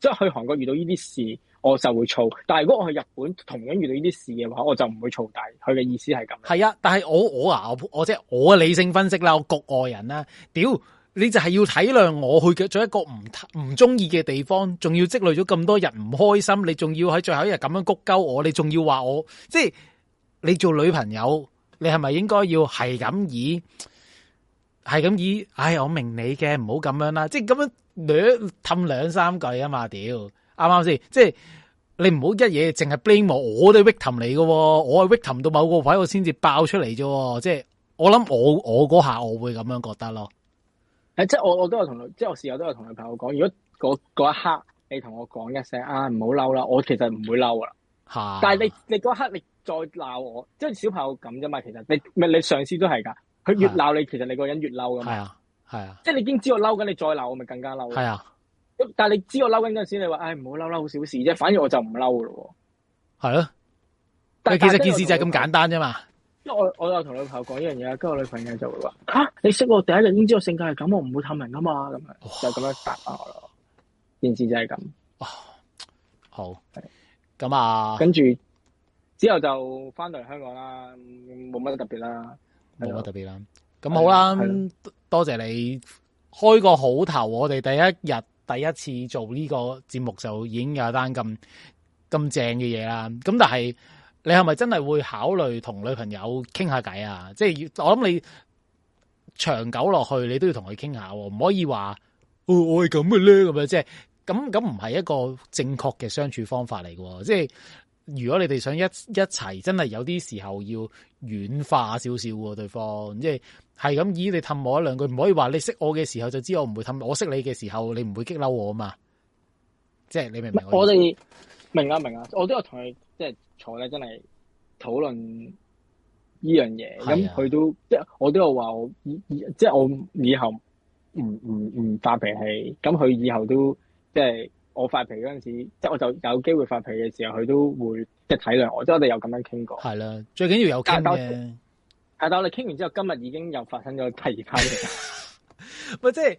即係去韓國遇到呢啲事，我就會躁。但係如果我去日本同樣遇到呢啲事嘅話，我就唔會躁。但佢嘅意思係咁。係啊，但係我我啊，我即係我嘅理性分析啦，我局外人啦。屌，你就係要體諒我去咗做一個唔唔中意嘅地方，仲要積累咗咁多日唔開心，你仲要喺最後一日咁樣谷鳩我，你仲要話我，即係你做女朋友，你係咪應該要係咁以係咁以？唉，我明你嘅，唔好咁樣啦。即係咁樣。兩氹兩三句啊嘛，屌，啱啱先，即係你唔好一嘢，淨係 blame 我，我都 victim 嚟喎。我係 victim 到某個位，我先至爆出嚟啫。即係我諗，我我嗰下我，我會咁樣覺得咯。誒，即係我我都有同，即係我事後都有同你朋友講，如果嗰一刻你同我講一聲啊，唔好嬲啦，我其實唔會嬲噶。吓的，但係你你嗰刻你再鬧我，即係小朋友咁啫嘛。其實你咪你上次都係噶，佢越鬧你，的其實你個人越嬲噶嘛。係啊，即係你已經知我嬲，咁你再鬧我，咪更加嬲咯。係啊，但係你知我嬲緊嗰陣時，你話、啊，唉，唔好嬲，嬲好小事啫，反而我就唔嬲咯。係咯、啊，但係其實件事就係咁簡單啫嘛。因為我我有同女朋友講呢樣嘢，跟住我女朋友就會話：，吓、啊，你識我，第一日已經知道我性格係咁，我唔會氹人噶嘛。咁唉樣就咁樣答我咯。件事就係咁。好，咁啊是，嗯、跟住之後就翻到嚟香港啦，冇乜特別啦，冇乜特別啦。就咁好啦，多謝你開個好頭。我哋第一日第一次做呢個節目就已經有單咁咁正嘅嘢啦。咁但係你係咪真係會考慮同女朋友傾下偈啊？即係我諗你長久落去，你都要同佢傾下，唔可以話哦我係咁嘅咧咁樣呢。即係咁咁唔係一個正確嘅相處方法嚟喎。即係如果你哋想一一齊，真係有啲時候要軟化少少對方，即係。係咁以你氹我一兩句，唔可以話你識我嘅時候就知我唔會氹，我識你嘅時候你唔會激嬲我嘛？即係你明唔明？我哋明啊明啊，我都有同佢即係坐咧，真係討論呢樣嘢。咁佢、啊、都即係我都有話，我即係我以後唔唔唔發脾氣。咁佢以後都即係我發脾氣嗰陣時，即係我就有機會發脾氣嘅時候，佢都會即係體諒我。即係我哋有咁樣傾過。係啦，最緊要有傾嘅。係，但我哋傾完之後，今日已經又發生咗第二家嘅。唔 即係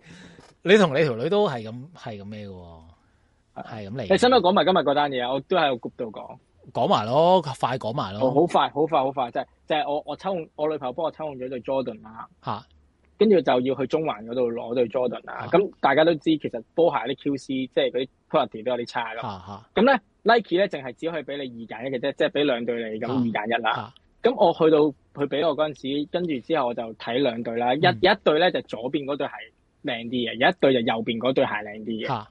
你同你條女都係咁，係咁咩喎？係咁嚟。你使唔使講埋今日嗰單嘢？我都喺個 group 度講，講埋咯，快講埋咯。哦，好快，好快，好快！即係即係我我抽我女朋友幫我抽中咗對 Jordan 啦的。吓，跟住就要去中環嗰度攞對 Jordan 啦的。咁大家都知，其實波鞋啲 QC 即係嗰啲 quality 都有啲差咯。咁咧的 Nike 咧，淨係只可以俾你二揀一嘅啫，即係俾兩對你咁二揀一啦。咁我去到佢俾我嗰陣時，跟住之後我就睇兩對啦，一有一對咧就左邊嗰對鞋靚啲嘅，有一對就右邊嗰對鞋靚啲嘅。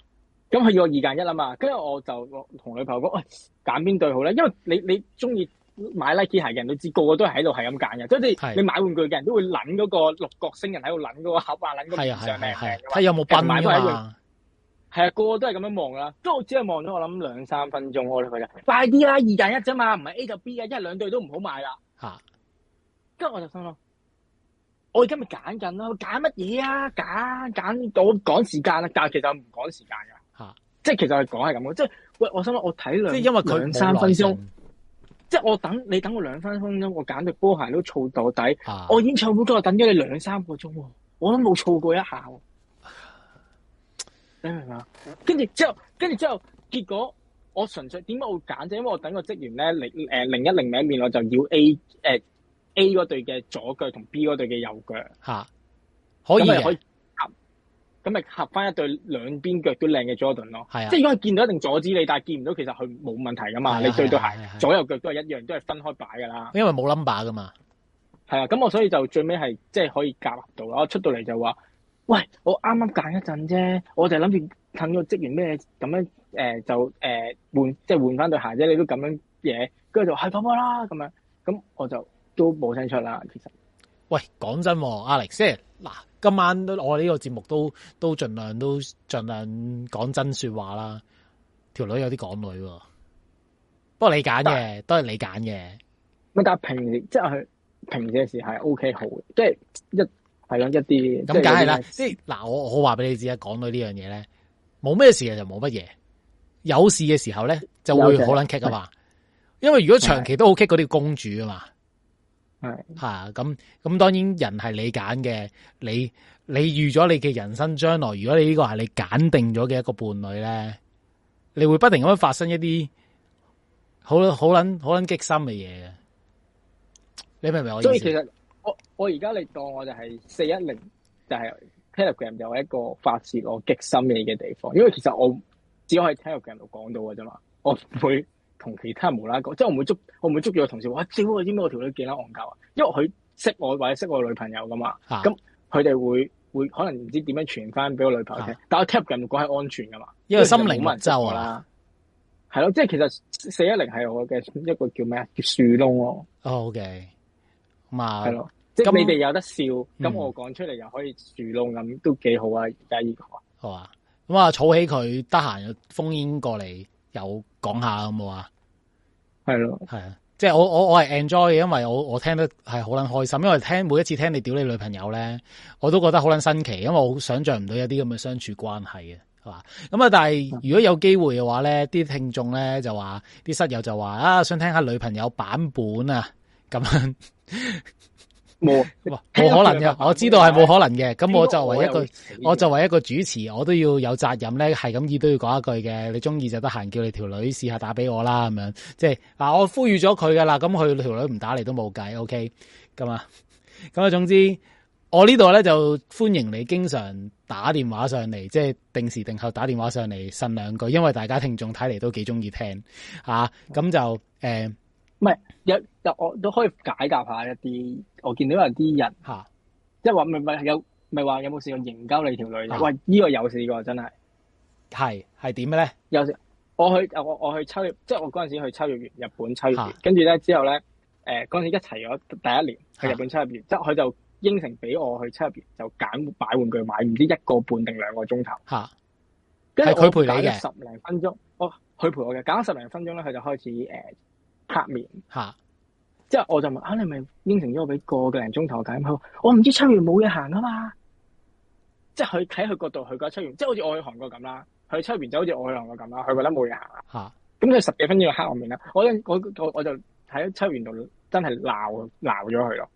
咁佢要我二揀一啊嘛，跟住我就同女朋友講：喂，揀邊對好咧？因為你你中意買 Nike 鞋嘅人都知，個個都係喺度係咁揀嘅。即係你你買玩具嘅人都會撚嗰個六角星人喺度撚嗰個盒啊，撚個上邊係唔係平？佢有冇笨啊？係啊，個個都係咁樣望啦，都我只係望咗，我諗兩三分鐘，我哋佢就快啲啦、啊，二揀一啫嘛，唔係 A 就 B 嘅、啊，因為兩隊都唔好買啦。吓、啊，跟住我就心想咯，我而家咪揀緊咯，揀乜嘢啊？揀揀，我趕時間啦，但係其實我唔趕時間噶。吓、啊，即係其實我講係咁嘅，即係喂，我心諗我睇兩即係因為兩三分鐘，即係我等你等我兩三分鐘，我揀對波鞋都燥到底，啊、我演唱會都係等咗你兩三個鐘，我都冇燥過一下。跟住之後，跟住之後，結果我純粹點解會揀啫？因為我等個職員咧，零誒、呃、零一零面，我就要 A 誒、呃、A 嗰對嘅左腳同 B 嗰對嘅右腳吓、啊，可以、啊，可以合，咁咪合翻一對兩邊腳都靚嘅 Jordan 咯。係啊，即係如果見到一定阻止你，但係見唔到，其實佢冇問題噶嘛。你對到係左右腳都係一樣，都係分開擺噶啦。因為冇 number 噶嘛，係啊。咁我所以就最尾係即係可以夾合到咯。我出到嚟就話。喂，我啱啱揀一陣啫、呃呃嗯嗯，我就諗住趁個職員咩咁樣就誒換即係換翻對鞋啫。你都咁樣嘢，跟住就係咁樣啦。咁樣咁我就都冇聲出啦。其實，喂，講真、啊，Alex 即係嗱，今晚我呢個節目都都盡量都盡量講真話說話啦。條女有啲港女喎，不過你揀嘅但都係你揀嘅。乜？但平時即係平時嘅事係 O K 好嘅，即係一。係咯，一啲咁梗係啦。即係嗱，我我話俾你知啊，講到呢樣嘢咧，冇咩事就冇乜嘢，有事嘅時候咧就會好捻棘啊嘛。因為如果長期都好棘嗰啲公主啊嘛，係吓咁咁，當然人係你揀嘅，你你預咗你嘅人生將來，如果你呢個係你揀定咗嘅一個伴侶咧，你會不停咁樣發生一啲好好捻好捻激心嘅嘢嘅。你明唔明我意思？我我而家你當我就係四一零，就係 Telegram 就係一個發泄我激心理嘅地方，因為其實我只可以 Telegram 度講到嘅啫嘛，我唔會同其他人無啦啦講 即係我唔會捉我唔會捉住個同事話，屌你知唔知我條女幾撚戇鳩啊？因為佢識我或者識我女,、啊、我女朋友噶、啊、嘛，咁佢哋會會可能唔知點樣傳翻俾我女朋友聽，但係我 Telegram 講係安全噶嘛，因為心靈冇人收啦，係咯、哦，即係其實四一零係我嘅一個叫咩啊？叫樹窿咯、哦 oh,，OK，係咯。即係你哋有得笑，咁那、嗯、我講出嚟又可以樹窿咁，都幾好啊！而家呢個係嘛，咁啊，儲起佢，得閒又封煙過嚟，又講下咁啊，係咯的，係啊，即係我我我係 enjoy 嘅，因為我我聽得係好捻開心，因為聽每一次聽你屌你女朋友咧，我都覺得好捻新奇，因為我想象唔到有啲咁嘅相處關係嘅，係嘛，咁啊，但係、嗯、如果有機會嘅話咧，啲聽眾咧就話，啲室友就話啊，想聽一下女朋友版本啊，咁樣。 冇，冇沒可能嘅，我知道係冇可能嘅。咁我作為一個，我，我作為一個主持，我都要有責任咧，係咁意都要講一句嘅。你中意就得閒叫你條女試下打俾我啦，咁樣即係嗱，我呼籲咗佢噶啦，咁佢條女唔打嚟都冇計，OK，咁、嗯、啊，咁、嗯、啊、嗯，總之我這裡呢度咧就歡迎你經常打電話上嚟，即係定時定候打電話上嚟呻兩句，因為大家聽眾睇嚟都幾中意聽吓，咁就誒。嗯嗯嗯唔係有，我都可以解答下一啲我見到有啲人嚇，啊、即係話咪係有，唔係話有冇試過營救你條女？喂，呢個有試過真係，係係點咧？呢有時我去我我，我去秋葉，即係我嗰陣時去秋葉原日本秋葉原，跟住咧之後咧，誒嗰陣時一齊咗第一年去日本秋葉原，啊、即係佢就應承俾我去秋葉原，就揀擺玩具買，唔知一個半定兩個鐘頭嚇。係佢陪你嘅十零分鐘，哦，佢陪我嘅揀十零分鐘咧，佢就開始誒。呃黑面，吓哈，之後我就問啊，你咪應承咗我俾個零鐘頭我睇咩？佢話我唔知秋園冇嘢行啊嘛，即係佢睇佢角度，佢覺得秋園，即係好似我去韓國咁啦，佢秋園就好似我去韓國咁啦，佢覺得冇嘢行啊，吓哈，咁佢十幾分鐘就黑我面啦，我我我就喺秋園度真係鬧鬧咗佢咯，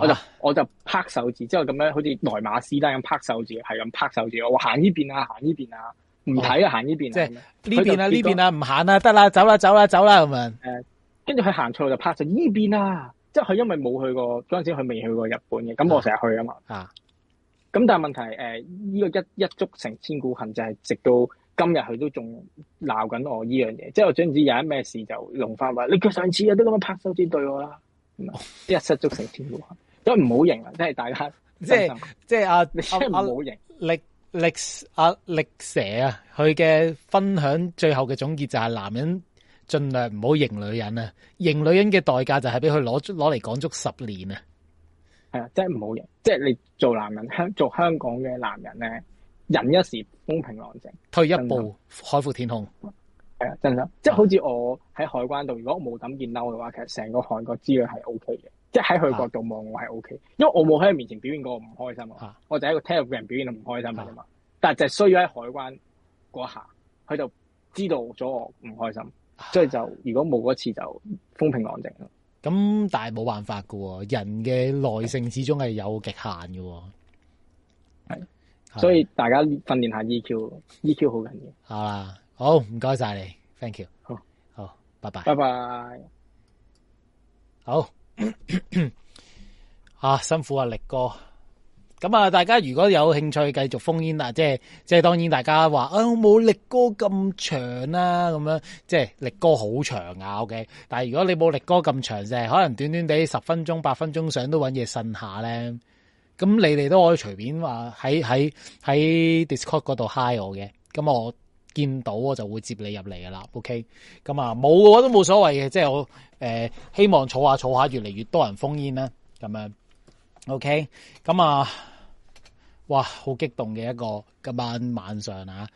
我就我就拍手指，之後咁樣好似內馬爾師弟咁拍手指，係咁拍手指，我行呢邊啊，行呢邊啊。唔睇啊，行呢邊即係呢邊啊，呢邊啊，唔行啦，得啦，走啦，走啦，走啦，咁樣，誒、呃，跟住佢行錯就拍就呢邊啊，即係佢因為冇去過，嗰陣時佢未去過日本嘅，咁、啊、我、啊呃這個、成日去啊嘛，啊，咁但係問題誒，呢個一一足成千古恨，就係直到今日佢都仲鬧緊我呢樣嘢，即係我唔知有一咩事就龍翻話你佢上次有啲咁樣拍手先對我啦，一失足成千古恨，所以唔好型啊，即係大家即係即係啊，即唔好型你。力阿力蛇啊，佢嘅分享最後嘅總結就係男人盡量唔好認女人啊，認女人嘅代價就係俾佢攞攞嚟講足十年啊，係啊，真係唔好認，即係你做男人香做香港嘅男人咧，忍一時風平浪靜，退一步海實闊天空，係啊，真真，即係好似我喺海關度，如果我冇咁見嬲嘅話，其實成個韓國資料係 O K 嘅。即喺佢角度望、啊、我係 O K，因為我冇喺佢面前表現過我唔開心啊，我就喺個 Telegram 入面表現唔開心嘅嘛。啊、但係就係需要喺海關嗰下，佢就知道咗我唔開心，啊、所以就如果冇嗰次就風平浪靜啦。咁但係冇辦法噶，人嘅耐性始終係有極限噶。係的，的所以大家訓練下 E Q，E Q 好、e、緊要。啊，好唔該晒你，Thank you。好，好，拜拜，拜拜 bye，好。 啊，辛苦啊力哥咁啊！大家如果有興趣繼續 phone in 啊，即係即係，當然大家話、哎、啊，我冇力哥咁長啦、啊，咁樣即係力哥好長 OK，但係如果你冇力哥咁長，係可能短短地十分鐘、八分鐘，想都揾嘢呻下咧。咁你哋都可以隨便話喺喺喺 Discord 嗰度 hi 我嘅。咁我，見到我就會接你入嚟㗎喇，OK？咁啊冇嘅話都冇所謂嘅，即係我、呃、希望儲下儲下，越嚟越多人 phone in 啦，咁樣 OK？咁啊、呃，哇，好激動嘅一個今晚晚上啊、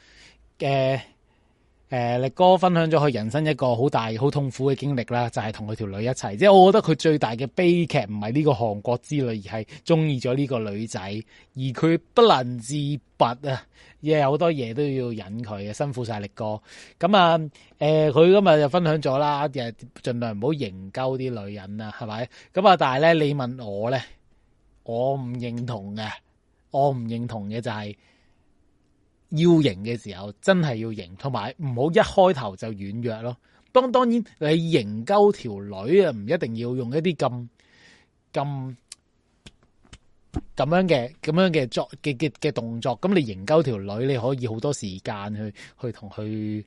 呃誒、呃，力哥分享咗佢人生一個好大、好痛苦嘅經歷啦，就係同佢條女一齊。即係我覺得佢最大嘅悲劇唔係呢個韓國之旅，而係中意咗呢個女仔，而佢不能自拔啊！亦好多嘢都要忍佢，辛苦晒力哥。咁啊，誒、呃，佢今日就分享咗啦，又盡量唔好營救啲女人啊，係咪？咁啊，但係咧，你問我咧，我唔認同嘅，我唔認同嘅就係、是。要型嘅時候，真係要型，同埋唔好一開頭就軟弱咯。當當然，你營救條女啊，唔一定要用一啲咁咁咁樣嘅咁樣嘅作嘅嘅嘅動作。咁你營救條女，你可以好多時間去去同佢去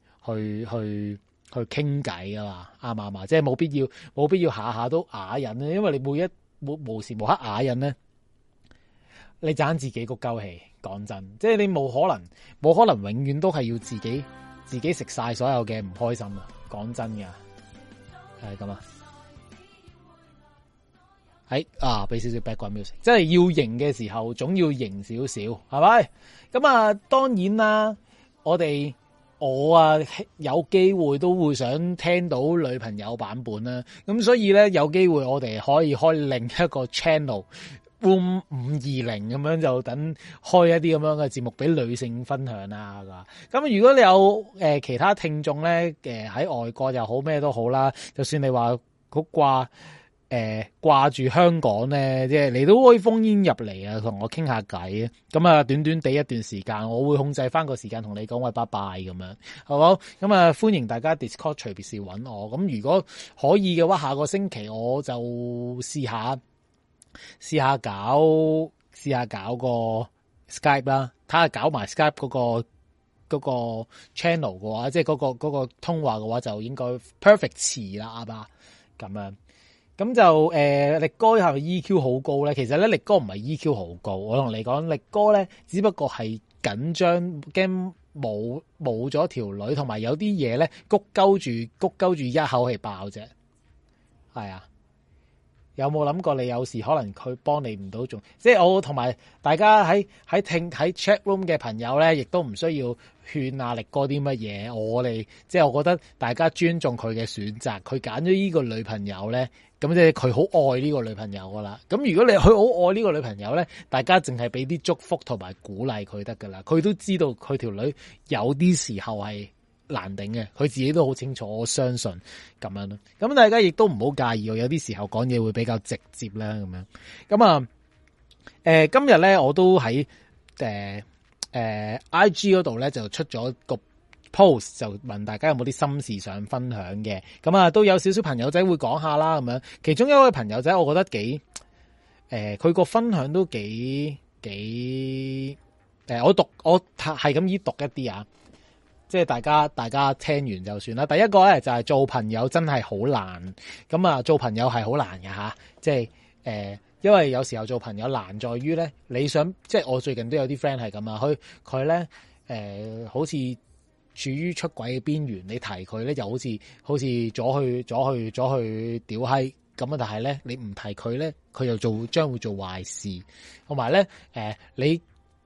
去去傾偈啊嘛，啱唔啱啊？即係冇必要冇必要下下都啞忍咧，因為你每一無，無時無刻啞忍咧，你斬自己個鳩氣。講真，即係你冇可能，冇可能永遠都係要自己自己食晒所有嘅唔開心啊，哎，啊！講真噶，係咁啊，喺啊，俾少少 background music，即係要型嘅時候，總要型少少，係咪？咁啊，當然啦，我哋我啊有機會都會想聽到女朋友版本啦，咁所以咧有機會我哋可以開另一個 channel。五五二零咁樣，就等開一啲咁樣嘅節目俾女性分享啦。咁如果你有誒、呃、其他聽眾咧，誒、呃、喺外國又好咩都好啦，就算你話好掛誒、呃、掛住香港咧，即係你都可以封煙入嚟啊，同我傾下偈啊，咁啊，短短地一段時間，我會控制翻個時間同你講，喂，拜拜咁樣，好唔好？咁啊，歡迎大家 Discord 隨便試揾我，咁如果可以嘅話，下個星期我就試下。試下搞，試下搞個 Skype 啦，睇下搞埋 Skype 嗰、嗰個嗰個 channel 嘅話，即係嗰、嗰個嗰個通話嘅話就應該 perfect 詞啦，啱唔啱？咁樣，咁就誒、呃、力哥係咪 EQ 好高咧？其實咧，力哥唔係 EQ 好高，我同你講、嗯、力哥咧只不過係緊張，驚冇冇咗條女，同埋有啲嘢咧谷鳩住谷鳩住一口氣爆啫，係啊。有冇諗過你有時可能佢幫你唔到，仲即係我同埋大家喺喺聽喺 chat room 嘅朋友咧，亦都唔需要勸壓力哥啲乜嘢。我哋即係我覺得大家尊重佢嘅選擇，佢揀咗呢個女朋友咧，咁即係佢好愛呢個女朋友噶啦。咁如果你佢好愛呢個女朋友咧，大家淨係俾啲祝福同埋鼓勵佢得噶啦。佢都知道佢條女有啲時候係。難頂嘅，佢自己都好清楚，我相信咁樣咯。咁大家亦都唔好介意，我有啲時候講嘢會比較直接啦，咁樣。咁啊，誒、呃，今日咧，我都喺誒誒 I G 嗰度咧，就出咗個 post，就問大家有冇啲心事想分享嘅。咁啊，都有少少朋友仔會講下啦，咁樣。其中一位朋友仔，我覺得幾誒，佢、呃、個分享都幾幾誒、呃，我讀，我係咁意讀一啲啊。即係大家，大家聽完就算啦。第一個咧就係做朋友真係好難。咁啊，做朋友係好難嘅吓。即係誒，因為有時候做朋友難在於咧，你想即係我最近都有啲 friend 係咁啊，佢佢咧誒，好似處於出軌嘅邊緣。你提佢咧，又好似好似阻去阻去阻去屌閪。咁啊，但係咧，你唔提佢咧，佢又做將會做壞事。同埋咧，誒、呃，你。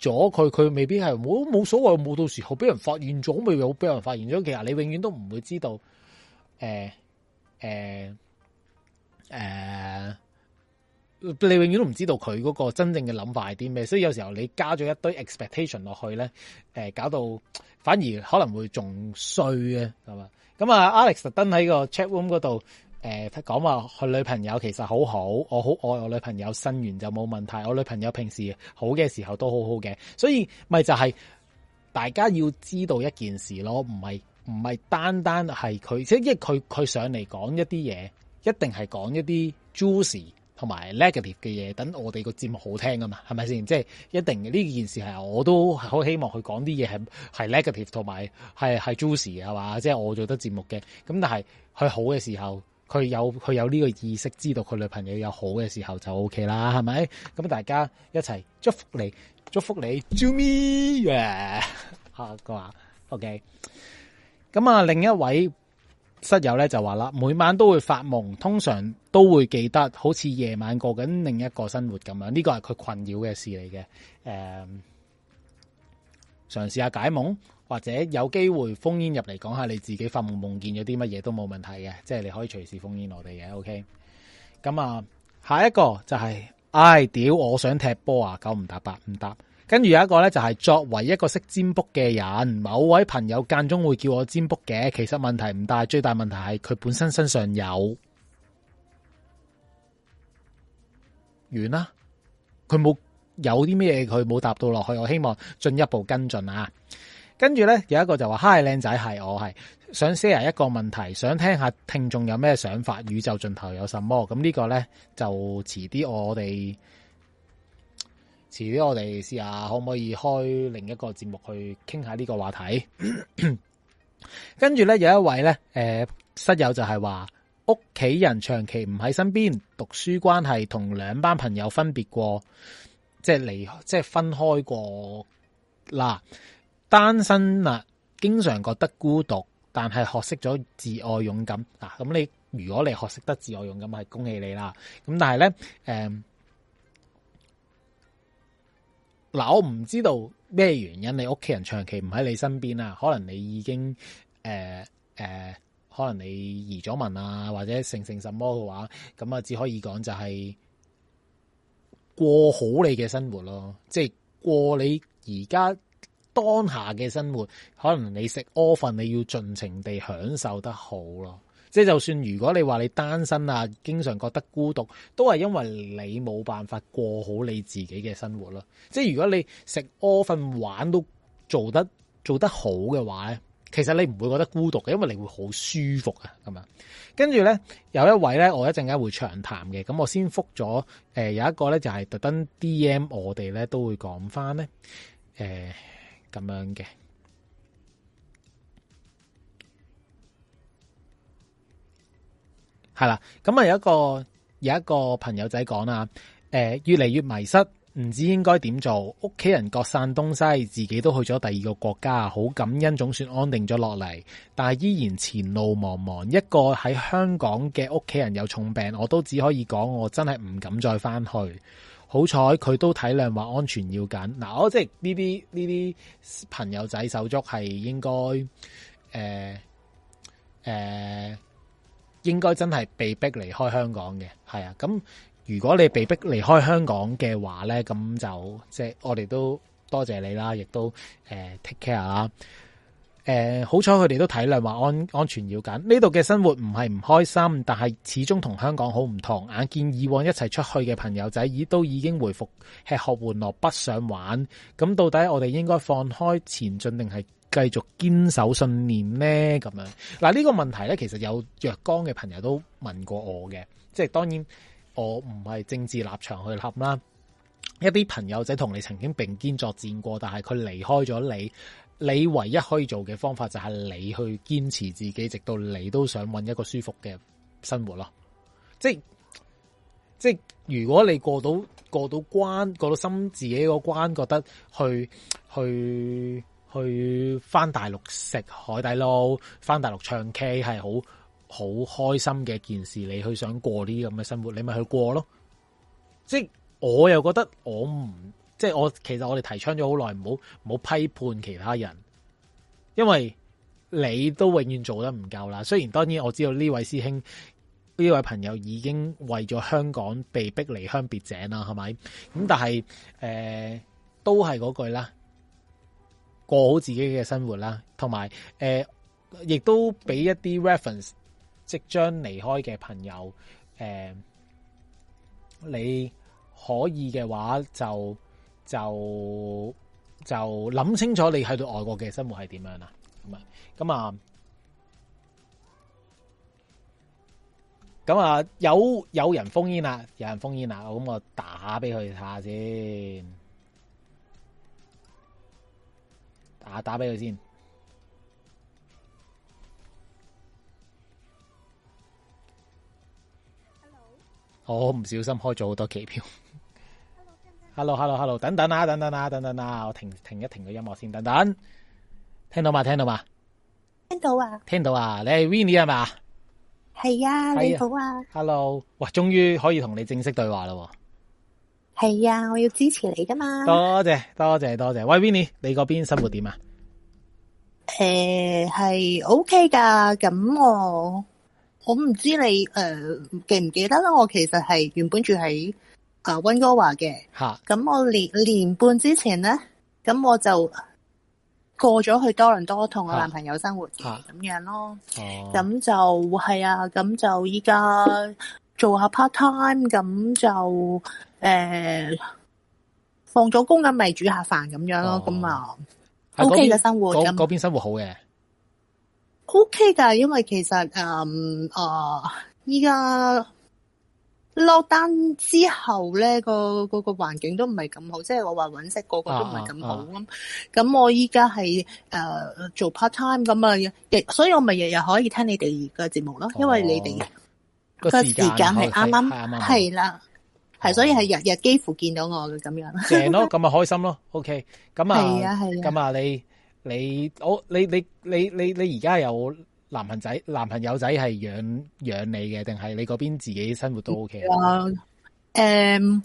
咗佢，佢未必係冇冇所謂，冇到時候俾人發現咗，未有俾人發現咗。其實你永遠都唔會知道，誒誒誒，你永遠都唔知道佢嗰個真正嘅諗法係啲咩。所以有時候你加咗一堆 expectation 落去咧，誒、呃，搞到反而可能會仲衰啊，係嘛？咁啊，Alex 特登喺個 chat room 嗰度。誒講話佢女朋友其實好好，我好愛我女朋友，信完就冇問題。我女朋友平時好嘅時候都好好嘅，所以咪就係大家要知道一件事咯，唔係唔係單單係佢即係因為佢佢上嚟講一啲嘢，一定係講一啲 juicy 同埋 negative 嘅嘢，等我哋個節目好聽噶嘛，係咪先？即係一定呢件事係我都好希望佢講啲嘢係 negative 同埋係 juicy 係嘛？即係我做得節目嘅，咁但係佢好嘅時候。佢有佢有呢個意識，知道佢女朋友有好嘅時候就 OK 啦，係咪？咁大家一齊祝福你，祝福你，祝咪嘢吓佢話 OK。咁啊 Yeah! okay，另一位室友咧就話啦，每晚都會發夢，通常都會記得，好似夜晚過緊另一個生活咁樣。呢個係佢困擾嘅事嚟嘅。誒、呃，嘗試下解夢。或者有機會封煙入嚟講下你自己發夢夢見咗啲乜嘢都冇問題嘅，即係你可以隨時封煙我哋嘅。OK，咁啊，下一個就係，唉，屌，我想踢波啊，九唔搭八唔搭。跟住有一個呢，就係作為一個識占卜嘅人，某位朋友間中會叫我占卜嘅，其實問題唔大，最大問題係佢本身身上有完啦，佢冇有啲咩佢冇答到落去，我希望進一步跟進啊。跟住咧，有一個就話：嗨，靚仔，係我，係想 share 一個問題，想聽下聽眾有咩想法？宇宙盡頭有什麼？咁呢個咧就遲啲我哋，遲啲我哋試下可唔可以開另一個節目去傾下呢個話題？ 跟住咧，有一位咧，誒、呃，室友就係話屋企人長期唔喺身邊，讀書關係同兩班朋友分別過，即係離，即係分開過，啦單身啊，經常覺得孤獨，但係學識咗自愛勇敢嗱，咁、啊、你如果你學識得自愛勇敢，係恭喜你啦。咁但係咧，誒、嗯，嗱、啊，我唔知道咩原因你屋企人長期唔喺你身邊啊？可能你已經誒誒、呃呃，可能你移咗民啊，或者成性什麼嘅話，咁啊，只可以講就係過好你嘅生活咯，即係過你而家。當下嘅生活，可能你食窩瞓，你要盡情地享受得好咯。即係就算如果你話你單身啊，經常覺得孤獨，都係因為你冇辦法過好你自己嘅生活咯。即係如果你食窩瞓玩都做得做得好嘅話咧，其實你唔會覺得孤獨嘅，因為你會好舒服啊。咁樣跟住咧，有一位咧，我一陣間會長談嘅，咁我先復咗誒，有一個咧就係、是、特登 D.M 我哋咧都會講翻咧誒。呃咁樣嘅，係啦。咁啊，有一個有一個朋友仔講啦，誒、呃、越嚟越迷失，唔知應該點做。屋企人各散東西，自己都去咗第二個國家，好感恩總算安定咗落嚟，但係依然前路茫茫。一個喺香港嘅屋企人有重病，我都只可以講，我真係唔敢再返去。好彩佢都體諒話安全要緊嗱，我即係呢啲呢啲朋友仔手足係應該誒誒、呃呃、應該真係被逼離開香港嘅，係啊，咁如果你被逼離開香港嘅話咧，咁就即係我哋都多謝你啦，亦都誒、呃、take care 啦。誒，嗯、好彩佢哋都體諒話安安全要緊。呢度嘅生活唔係唔開心，但係始終同香港好唔同。眼見以往一齊出去嘅朋友仔已都已經回復吃喝玩樂，不想玩。咁到底我哋應該放開前進，定係繼續堅守信念呢？咁樣嗱，呢、這個問題呢，其實有若干嘅朋友都問過我嘅。即係當然，我唔係政治立場去立啦。一啲朋友仔同你曾經並肩作戰過，但係佢離開咗你。你唯一可以做嘅方法就係你去堅持自己，直到你都想揾一個舒服嘅生活咯。即係即係，如果你過到過到關，過到心自己個關，覺得去去去返大陸食海底撈，返大陸唱 K 係好好開心嘅件事，你去想過呢啲咁嘅生活，你咪去過咯。即係我又覺得我唔。即係我其實我哋提倡咗好耐，唔好唔好批判其他人，因為你都永遠做得唔夠啦。雖然當然我知道呢位師兄呢位朋友已經為咗香港被逼離鄉別井啦，係咪？咁但係誒、呃，都係嗰句啦，過好自己嘅生活啦，同埋誒，亦都俾一啲 reference 即將離開嘅朋友誒、呃，你可以嘅話就。就就諗清楚你喺度外國嘅生活係點樣啦，咁啊，咁啊，咁啊有有人封煙啦，有人封煙啦，咁我打俾佢下先打，打打俾佢先。Hello? 我唔小心開咗好多機票。Hello，Hello，Hello，hello hello, 等等啊，等等啊，等等啊，我停停一停個音樂先，等等，聽到嘛？聽到嘛？聽到啊？聽到啊？你係 Winnie 係嘛？係啊，係啊，你好啊。Hello，哇，終於可以同你正式對話喎。係啊，我要支持你噶嘛。多謝，多謝，多謝。喂 Winnie 你嗰邊生活點啊？誒、呃，係 OK 噶，咁我我唔知你誒、呃、記唔記得啦。我其實係原本住喺。啊溫哥華嘅，咁我年年半之前咧，咁我就過咗去多倫多同我男朋友生活，咁樣咯，咁就係啊，咁、啊啊、就依家、啊、做下 part time，咁就誒放咗工咁咪煮下飯咁樣咯，咁啊，O K 嘅生活，咁嗰邊生活好嘅，O K 噶，因為其實誒啊依家。嗯呃落單之後咧，個個個環境都唔係咁好，即係我話揾食個個都唔係咁好咁。咁我依家係誒做 part time 咁啊，亦所以我咪日日可以聽你哋個節目咯，因為你哋個時間係啱啱係啦，係所以係日日幾乎見到我嘅咁樣。正咯，咁啊開心咯，OK，咁啊，咁啊，你你我你你你你你而家有。男朋友仔係養養你嘅，定係你嗰邊自己生活都 OK。啊，誒，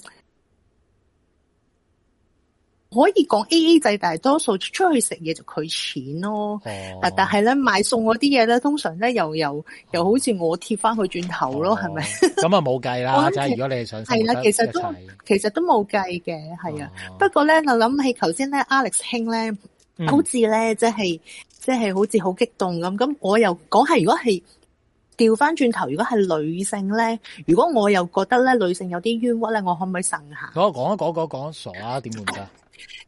可以講 A A 制，但係多數出去食嘢就佢錢咯。哦、但係咧買餸嗰啲嘢咧，通常咧又又又好似我貼翻佢轉頭咯，係咪、哦？咁啊冇計啦，就係即係如果你係想係啦，其實都切其實都冇計嘅，係啊。哦、不過咧，我諗起頭先咧，Alex 兄咧、就是，好似咧，即係。即係好似好激動咁，咁我又講係如果係掉返轉頭，如果係女性咧，如果我又覺得咧女性有啲冤屈咧，我可唔可以呻下？講啊講一講講講傻啊？點會唔得？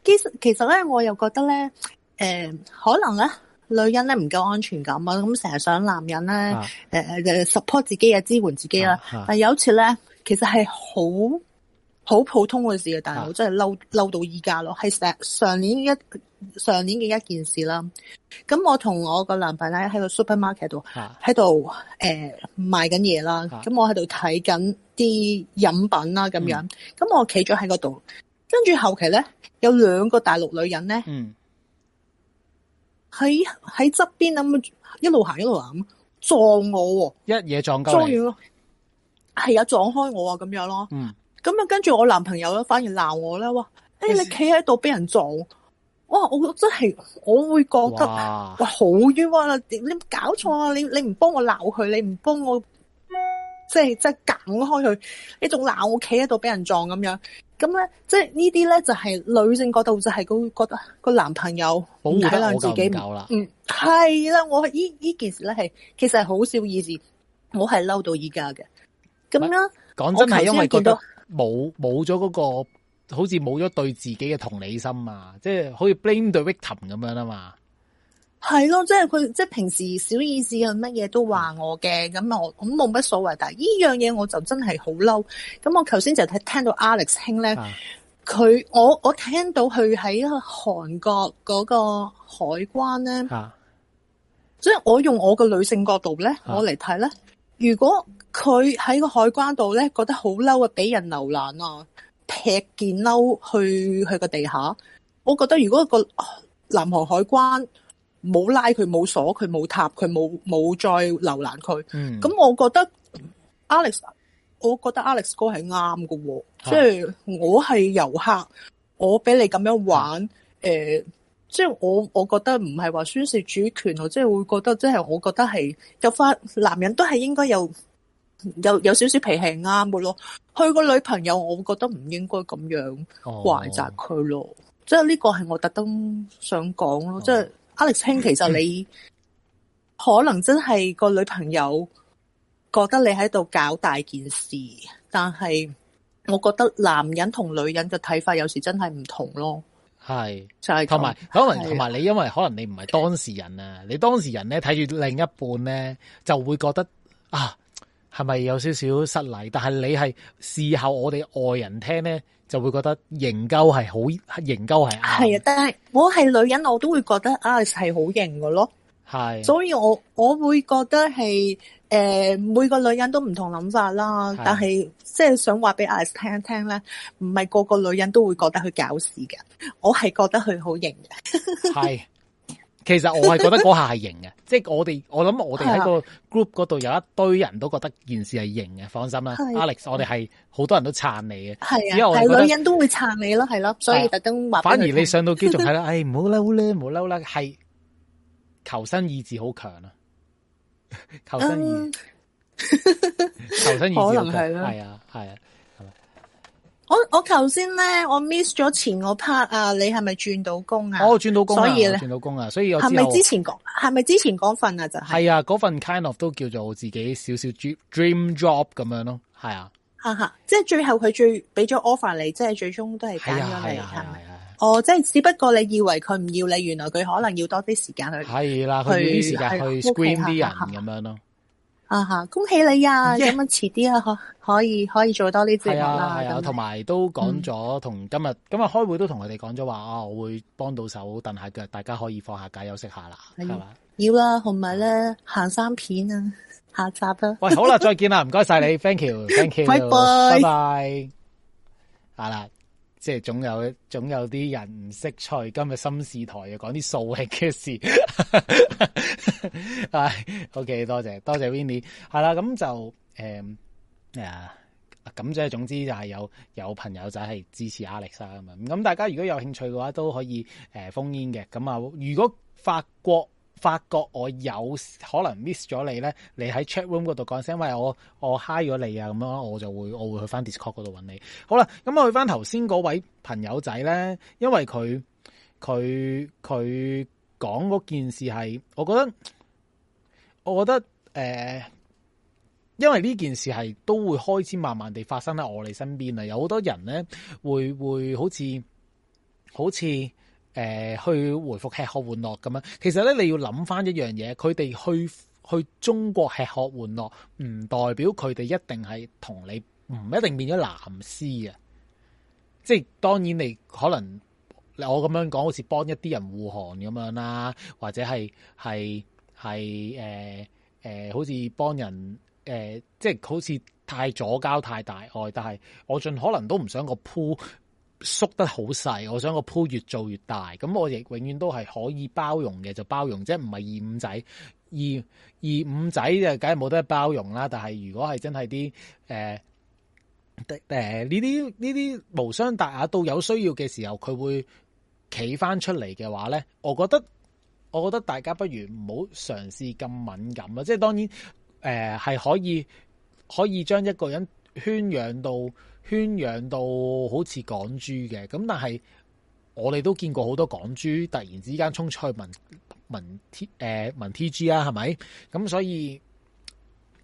其實其實咧，我又覺得咧，誒、呃、可能咧，女人咧唔夠安全感啊，咁成日想男人咧，誒誒、啊呃、support 自己啊，支援自己啦。啊啊、但有次咧，其實係好。好普通嘅事嘅，但係我真係嬲，嬲到依家咯。係上上年一上年嘅一件事啦。咁我同我個男朋友喺個 supermarket 度，喺度誒賣緊嘢啦。咁、啊、我喺度睇緊啲飲品啦，咁樣。咁、嗯、我企咗喺度，跟住，後期咧有兩個大陸女人咧，喺喺側邊咁一路行一路行撞我，一嘢撞鳩你，係啊撞，撞開我啊咁樣咯。嗯咁啊，跟住我男朋友咧，反而鬧我呢。話誒、哎，你企喺度俾人撞，哇！我真係我會覺得哇，好冤枉啦！你搞錯啊！你你唔幫我鬧佢，你唔幫我即係即係硬開佢，你仲鬧我企喺度俾人撞咁樣，咁咧即係呢啲咧就係、是、女性角度就係覺覺得個男朋友唔體諒自己，唔嗯係啦，我依呢件事咧係其實係好少意思，我係嬲到依家嘅，咁啦，講真係因為覺得。冇冇咗嗰個，好似冇咗對自己嘅同理心啊，即係好似 blame the victim 咁樣啊嘛。係咯，即係佢即係平時小意思佢乜嘢都話我嘅，咁、嗯、我咁冇乜所謂。但係呢樣嘢我就真係好嬲。咁我頭先就睇聽，聽到 Alex 兄咧，佢、啊、我我聽到佢喺韓國嗰個海關咧，所以、啊、我用我嘅女性角度咧，我嚟睇咧，啊、如果。佢喺個海關度咧，覺得好嬲啊！俾人留難啊，劈件褸去去個地下。我覺得如果個南韓海關冇拉佢、冇鎖佢、冇塔佢、冇冇再留難佢，咁、嗯、我覺得 Alex，我覺得 Alex 哥係啱喎。即係、啊、我係遊客，我俾你咁樣玩，誒、嗯，即係、呃就是、我我覺得唔係話宣示主權啊，即係會覺得，即、就、係、是、我覺得係有翻男人都係應該有。有有少少脾氣啱嘅咯，佢個女朋友我會覺得唔應該咁樣怪責佢咯，哦、即係呢個係我特登想講咯，即係、哦、Alex eng, 其實你可能真係個女朋友覺得你喺度搞大件事，但係我覺得男人同女人嘅睇法有時真係唔同咯，係是就係同埋可能同埋你因為可能你唔係當事人啊，你當事人咧睇住另一半咧就會覺得啊。係咪有少少失禮？但係你係事後我哋外人聽咧，就會覺得仍鳩係好，仍鳩係啱。係啊，但係我係女人，我都會覺得 Alex 係好型嘅。咯。係，是的 所以我我會覺得係誒、呃，每個女人都唔同諗法啦。是的 但係即係想話俾 Alex 聽一聽咧，唔係個個女人都會覺得佢搞事嘅，我係覺得佢好型嘅。係。 其實我係覺得嗰下係型嘅，即係 我哋我諗我哋喺個 group 嗰度有一堆人都覺得件事係型嘅，放心啦的，Alex，我哋係好多人都撐你嘅，係啊的，係女人都會撐你咯，係咯，所以特登話，哎，反而你上到機仲係啦，哎，唔好嬲咧，唔好嬲啦，係求生意志好強啊，求生意，求生意志強，係 啊，係啊。 我我頭先咧，我，我 miss 咗前個 part 啊，你係咪轉到工啊？哦、我轉到工，所以轉到工啊，所以呢，係咪之前講係咪之前份啊？就係、是、啊，嗰份 kind of 都叫做自己少少 dream dream job 咁樣咯，係啊。哈哈，即係最後佢最俾咗 offer 你，即係最終都係揀咗你，係咪、啊？哦，即係只不過你以為佢唔要你，原來佢可能要多啲時間去係啦，啊、時間去去 screen 啲人咁樣咯。啊哈！恭喜你啊，咁、yeah. 樣遲啲啊，可可以可以做多啲節目啦。係啊，係啊，同埋都講咗，同、嗯、今日今日開會都同佢哋講咗話，啊，我會幫到手蹬下腳，大家可以放下假休息下啦，係嘛？吧要啦，同埋咧行三片啊，下集啦。喂，好啦，再見啦，唔該晒你，thank you，thank you，, thank you bye bye bye bye 拜拜，拜拜，係啦。即係總有總有啲人唔識趣，今日心事台又講啲掃興嘅事。 係 ，OK，多謝多謝 Winnie 係啦，咁就誒啊！咁即係總之就係有有朋友仔係支持阿力莎咁，咁大家如果有興趣嘅話，都可以、呃、封煙嘅。咁啊，如果法國。發覺我有可能 miss 咗你咧，你喺 chat room 嗰度講聲，因為我我 high 咗你啊，咁樣我就會我會去翻 Discord 嗰度揾你。好啦，咁我去翻頭先嗰位朋友仔咧，因為佢佢佢講嗰件事係，我覺得我覺得誒、呃，因為呢件事係都會開始慢慢地發生喺我哋身邊啊，有好多人咧會會好似好似。誒去回覆吃喝玩樂咁樣，其實咧你要諗翻一樣嘢，佢哋去去中國吃喝玩樂，唔代表佢哋一定係同你，唔一定變咗藍絲啊！即係當然你可能我咁樣講，好似幫一啲人護航咁樣啦，或者係係係誒好似幫人誒、呃，即係好似太左膠太大愛，但係我盡可能都唔想個鋪，縮得好細，我想個鋪越做越大，咁我亦永遠都係可以包容嘅，就包容，即係唔係二五仔，二二五仔就梗係冇得包容啦。但係如果係真係啲誒誒呢啲呢啲無傷大雅，到有需要嘅時候佢會企翻出嚟嘅話咧，我覺得我覺得大家不如唔好嘗試咁敏感啦。即係當然誒係、呃、可以可以將一個人圈養到。圈養到好似港豬嘅，咁但係我哋都見過好多港豬突然之間衝出去問問 T T G 啊，係咪？咁、嗯、所以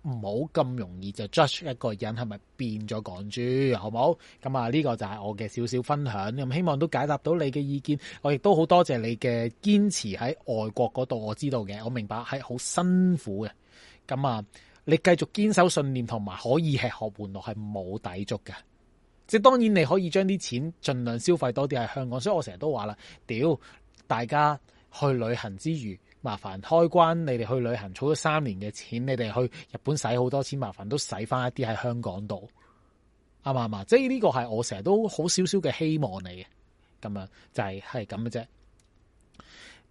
唔好咁容易就 judge 一個人係咪變咗港豬，好唔好？咁、嗯、啊、呢、這個就係我嘅少少分享，咁、嗯、希望都解答到你嘅意見。我亦都好多謝你嘅堅持喺外國嗰度，我知道嘅，我明白係好辛苦嘅。咁、嗯、啊、嗯，你繼續堅守信念同埋可以吃喝玩樂係冇抵觸嘅。即係當然，你可以將啲錢盡量消費多啲喺香港，所以我成日都話啦，屌大家去旅行之餘，麻煩開關你哋去旅行儲咗三年嘅錢，你哋去日本使好多錢，麻煩都使翻一啲喺香港度，啱嘛？啱嘛？即係呢個係我成日都好少少嘅希望嚟嘅，咁樣就係係咁嘅啫。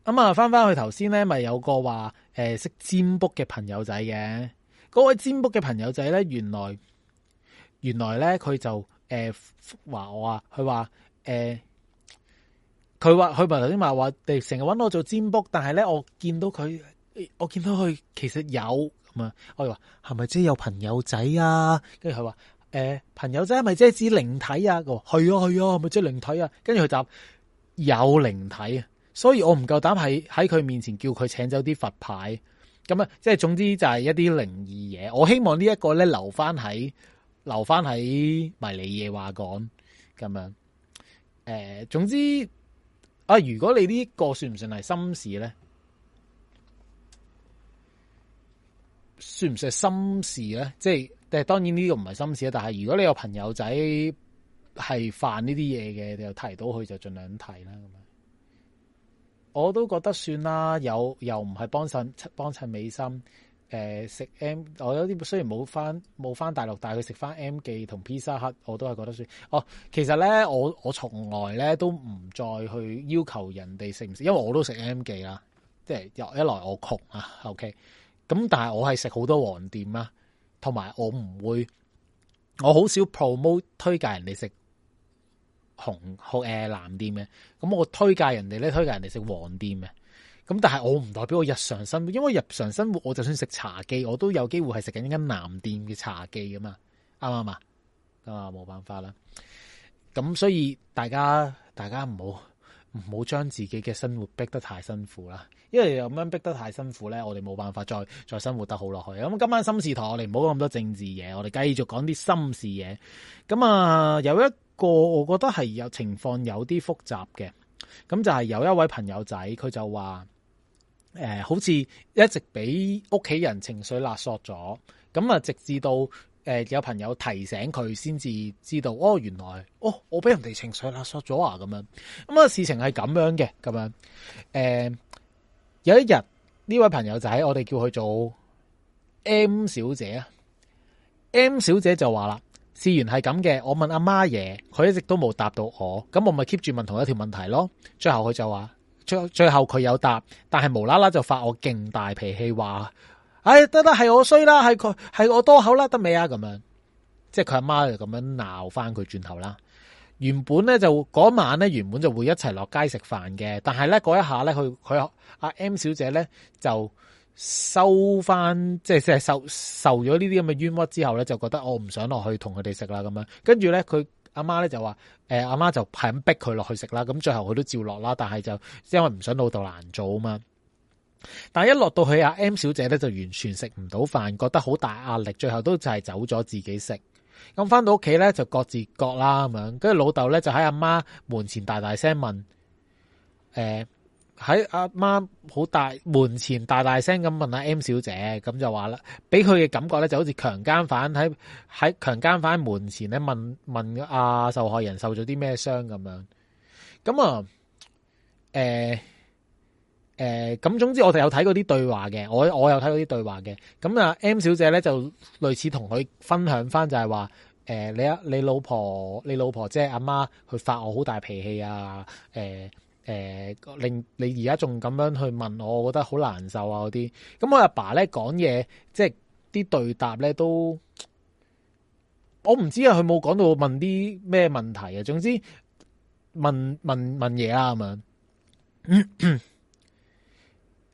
咁啊，翻翻去頭先咧，咪有個話誒識佔卜嘅朋友仔嘅，嗰位佔卜嘅朋友仔咧，原來原來咧佢就。誒，話我啊，佢話誒，佢話佢唔係頭先話話哋成日搵我做占卜，但係咧我見到佢，我見到佢其實有咁啊。我話係咪即係有朋友仔啊？跟住佢話誒，朋友仔係咪即係指靈體啊？佢話係啊係啊，係咪即係靈體啊？跟住佢答有靈體啊，所以我唔夠膽喺喺佢面前叫佢請走啲佛牌，咁啊，即係總之就係一啲靈異嘢。我希望呢一個咧留翻喺。留翻喺迷你嘢話講咁樣，誒、呃，總之啊，如果你呢個算唔算係心事咧？算唔算係心事咧？即係，但係當然呢個唔係心事啦。但係如果你有朋友仔係犯呢啲嘢嘅，你就提到佢就盡量提啦。咁啊，我都覺得算啦，有又唔係幫襯，幫襯美心。誒、呃，食 M，我有啲雖然冇翻冇翻大陸，但係佢食翻 M 記同 Pizza Hut，我都係覺得算。哦，其實咧，我我從來咧都唔再去要求人哋食唔食，因為我都食 M 記啦，即係又一來我窮啊，OK，咁但係我係食好多黃店啦，同埋我唔會，我好少 promote 推介人哋食紅紅誒、呃、藍店嘅，咁我推介人哋咧，推介人哋食黃店嘅。咁但係我唔代表我日常生活，因為日常生活我就算食茶記，我都有機會係食緊呢間南店嘅茶記噶嘛，啱唔啱啊？啊，冇辦法啦。咁所以大家大家唔好唔好將自己嘅生活逼得太辛苦啦，因為又咁樣逼得太辛苦咧，我哋冇辦法再再生活得好落去。咁今晚心事台我哋唔好講咁多政治嘢，我哋繼續講啲心事嘢。咁啊，有一個我覺得係有情況有啲複雜嘅，咁就係有一位朋友仔佢就話。誒、呃，好似一直俾屋企人情緒勒索咗，咁啊直至到誒、呃、有朋友提醒佢，先至知道哦，原來哦我俾人哋情緒勒索咗啊，咁樣咁啊事情係咁樣嘅，咁樣誒、呃、有一日呢位朋友仔，我哋叫佢做 M 小姐啊，M 小姐就話啦，事源係咁嘅，我問阿媽嘢，佢一直都冇答到我，咁我咪 keep 住問同一條問題咯，最後佢就話。最後佢有答，但係無啦啦就發我勁大脾氣話：，唉、哎，得得，係我衰啦，係佢，係我多口啦，得未啊？咁樣，即係佢阿媽就咁樣鬧翻佢轉頭啦。原本咧就嗰晚咧原本就會一齊落街食飯嘅，但係咧嗰一下咧佢佢阿 M 小姐咧就收翻，即係即係受受咗呢啲咁嘅冤屈之後咧，就覺得我唔想落去同佢哋食啦咁樣，跟住咧佢。阿媽咧就話，誒阿媽就係咁逼佢落去食啦，咁最後佢都照落啦，但係就因為唔想老豆難做啊嘛。但係一落到去阿 M 小姐咧就完全食唔到飯，覺得好大壓力，最後都就係走咗自己食。咁返到屋企咧就各自各啦咁樣，跟住老豆咧就喺阿媽門前大大聲問，哎喺阿媽好大門前大大聲咁問下 M 小姐，咁就話啦，俾佢嘅感覺咧就好似強姦犯喺喺強姦犯喺門前咧問問阿受害人受咗啲咩傷咁樣，咁啊，誒、欸、誒，咁、欸、總之我哋有睇過啲對話嘅，我我有睇過啲對話嘅，咁啊 M 小姐咧就類似同佢分享翻，就係話，誒、欸、你啊你老婆你老婆即係阿媽佢發我好大脾氣啊，誒、欸。誒、呃，令你而家仲咁樣去問我，我覺得好難受啊！嗰啲，咁我阿爸咧講嘢，即係啲對答咧都，我唔知啊，佢冇講到問啲咩問題啊，總之問問問嘢啦，啊，咁樣嗯，誒、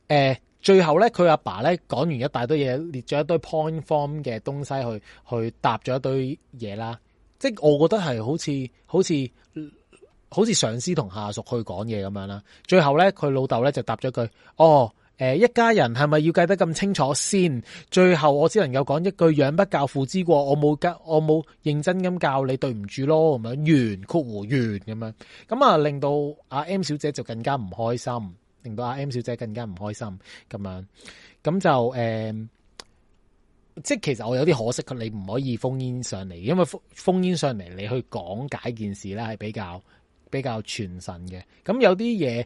呃，最後咧佢阿爸咧講完一大堆嘢，列咗一堆 point form 嘅東西去去答咗一堆嘢啦，即係我覺得係好似好似。好似上司同下屬去講嘢咁樣啦，最後咧佢老豆咧就答咗句：哦，誒，一家人係咪要計得咁清楚先？最後我只能夠講一句：養不教，父之過。我冇教，我冇認真咁教你，對唔住咯，咁樣，圓括弧圓咁樣。咁啊，令到阿 M 小姐就更加唔開心，令到阿 M 小姐更加唔開心咁樣。咁就誒、呃，即係其實我有啲可惜，佢你唔可以封煙上嚟，因為封封煙上嚟，你去講解件事咧係比較。比較全神嘅，咁有啲嘢，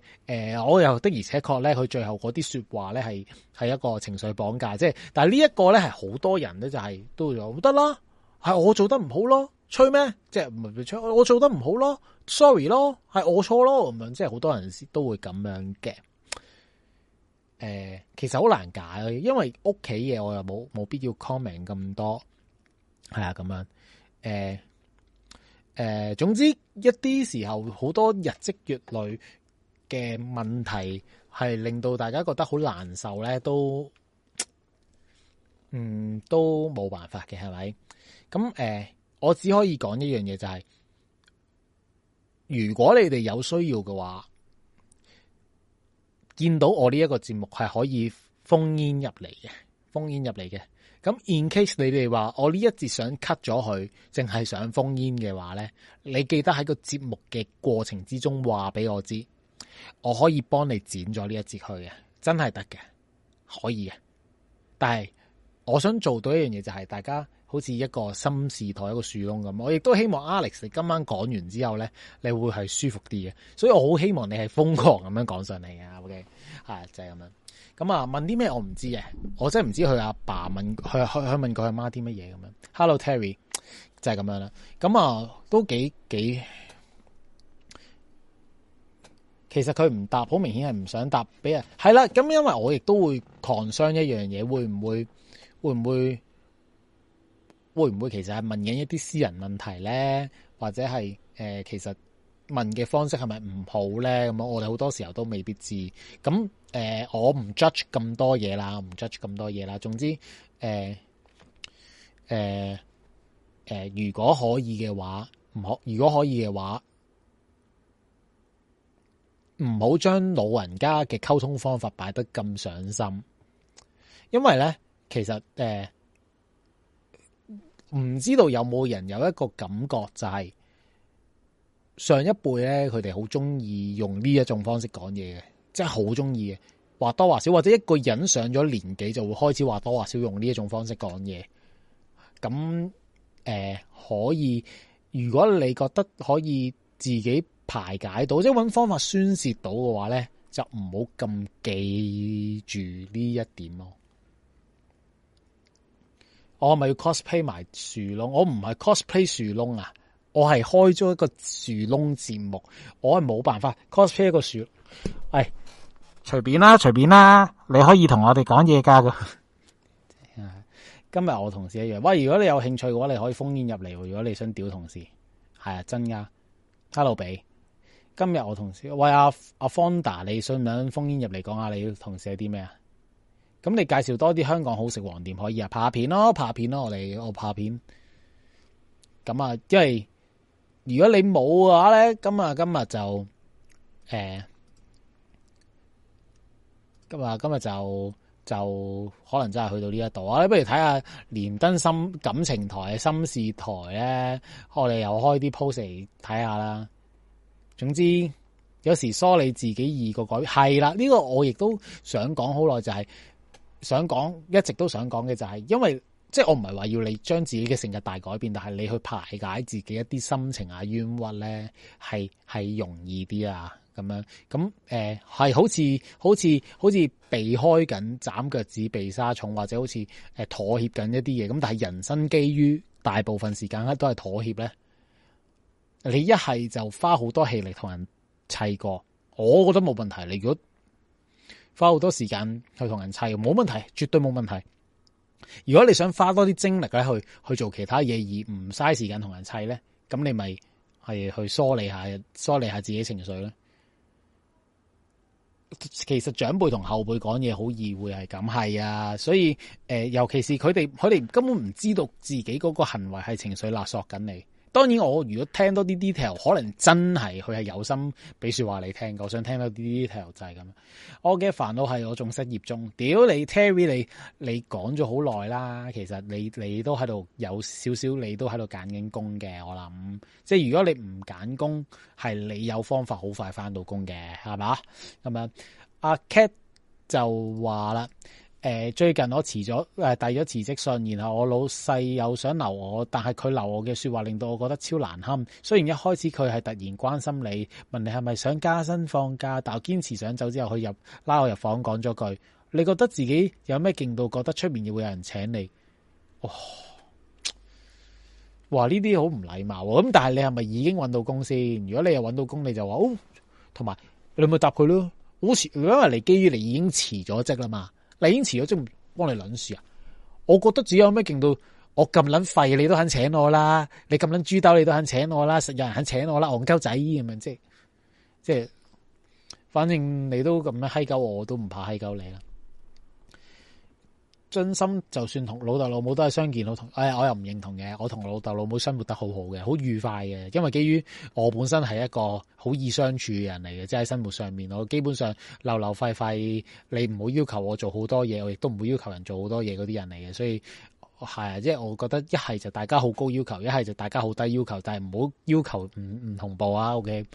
誒，我又的而且確咧，佢最後嗰啲說話咧，係係一個情緒綁架，即係，但係呢一個咧，係好多人咧就係都有得啦，係我做得唔好咯，吹咩？即係唔係吹，我做得唔好咯，sorry 咯，係我錯咯，咁樣，即係好多人都會咁樣嘅，誒，其實好難解啊，因為屋企嘢我又冇冇必要 comment 咁多，係啊，咁樣，誒。誒、呃，總之一啲時候好多日積月累嘅問題係令到大家覺得好難受咧，都，嗯，都冇辦法嘅，係咪？咁誒、呃，我只可以講一樣嘢就係、是，如果你哋有需要嘅話，見到我呢一個節目係可以烽煙入嚟嘅，烽煙入嚟嘅。咁 in case 你哋話我呢一節想 cut 咗佢，淨係想封煙嘅話咧，你記得喺個節目嘅過程之中話俾我知，我可以幫你剪咗呢一節去嘅，真係得嘅，可以嘅。但係我想做到一樣嘢就係、是，大家好似一個心事台一個樹窿咁，我亦都希望 Alex 你今晚講完之後咧，你會係舒服啲嘅，所以我好希望你係瘋狂咁樣講上嚟嘅，OK，係、yeah, 就係咁樣。咁啊？問啲咩我唔知嘅，我真係唔知佢阿爸，爸問佢佢佢問過佢阿媽啲乜嘢咁樣。Hello Terry，就係咁樣啦。咁啊，都幾幾。其實佢唔答，好明顯係唔想答，俾人係啦。咁因為我亦都會狂傷一樣嘢，會唔會會唔會會唔會？會會會會其實係問緊一啲私人問題咧，或者係誒、呃，其實問嘅方式係咪唔好咧？咁我哋好多時候都未必知咁。誒、呃，我唔 judge 咁多嘢啦，唔 judge 咁多嘢啦。總之，誒、呃，誒、呃，誒、呃呃，如果可以嘅話，唔好如果可以嘅話，唔好將老人家嘅溝通方法擺得咁上心，因為咧，其實誒，唔、呃、知道有冇人有一個感覺，就係上一輩咧，佢哋好中意用呢一種方式講嘢嘅。真係好中意嘅，或多或少，或者一個人上咗年紀就會開始或多或少，用呢一種方式講嘢。咁誒，可以，如果你覺得可以自己排解到，即係揾方法宣泄到嘅話呢，就唔好咁記住呢一點咯。我係咪要 cosplay 埋樹窿、啊，我唔係 cosplay 樹窿啊，我係開咗一個樹窿節目，我係冇辦法 cosplay 一個樹窿，係。隨便啦，隨便啦，你可以同我哋講嘢噶，今日我同事一樣，喂，如果你有興趣嘅話，你可以 phone in 入嚟。如果你想屌同事，係啊，真噶。哈嘍比，今日我同事喂，阿阿方達，啊、onda，你想唔想 phone in 入嚟講下你同事有啲咩啊？咁你介紹多啲香港好食嘅黃店可以啊？拍片咯，拍片咯，我哋我拍片。咁啊，因為如果你冇嘅話咧，咁啊今日就誒。欸今日就就可能真係去到呢一度啊！你不如睇下《連登心感情台》《心事台》咧，我哋又開啲 post 嚟睇下啦。總之，有時梳理自己二個改變係啦，呢、這個我亦都想講好耐，就係想講，一直都想講嘅就係、是，因為即係我唔係話要你將自己嘅性格大改變，但係你去排解自己一啲心情啊冤呢、冤屈咧，係係容易啲啊。咁樣，咁誒係好似好似好似避開緊斬腳趾，避沙蟲，或者好似誒妥協緊一啲嘢。咁但係人生基於大部分時間咧都係妥協咧。你一係就花好多氣力同人砌過，我覺得冇問題。你如果花好多時間去同人砌，冇問題，絕對冇問題。如果你想花多啲精力咧去去做其他嘢，而唔嘥時間同人砌咧，咁你咪係去梳理下、梳理下自己情緒咧。其實長輩同後輩講嘢好易會係咁，係啊，所以誒、呃，尤其是佢哋，佢哋根本唔知道自己嗰個行為係情緒勒索緊你。當然，我如果聽多啲 detail，可能真係佢係有心俾説話你聽。我想聽到啲 detail 就係咁。我嘅煩惱係我仲失業中。屌你 Terry，你你講咗好耐啦，其實你你都喺度有少少，你都喺度揀緊工嘅。我諗，即係如果你唔揀工，係你有方法好快翻到工嘅，係嘛？咁樣阿 Cat 就話啦。誒，最近我辭咗誒，遞咗辭職信，然後我老細又想留我，但係佢留我嘅說話令到我覺得超難堪。雖然一開始佢係突然關心你，問你係咪想加薪放假，但我堅持想走之後，佢入拉我入房講咗句，你覺得自己有咩勁度，覺得出面會有人請你？哦、哇哇呢啲好唔禮貌咁。但係你係咪已經揾到工先？如果你又揾到工，你就話哦，同埋你咪答佢咯。好似因為你基於你已經辭咗職啦嘛。你已經辭咗職，唔幫你捻樹啊？我覺得只有咩勁到我咁捻廢，你都肯請我啦；你咁捻豬兜，你都肯請我啦；實有人肯請我啦，戇鳩仔咁樣，即係即係，反正你都咁樣嗨鳩，我都唔怕嗨鳩你啦。真心就算同老豆老母都係相見，老同誒我又唔認同嘅。我同老豆老母生活得好好嘅，好愉快嘅。因為基於我本身係一個好易相處嘅人嚟嘅，即係喺生活上面我基本上流流廢廢你唔好要，要求我做好多嘢，我亦都唔會要，要求人做好多嘢嗰啲人嚟嘅。所以係即係我覺得一係就大家好高要求，一係就大家好低要求，但係唔好要求唔唔同步啊。O K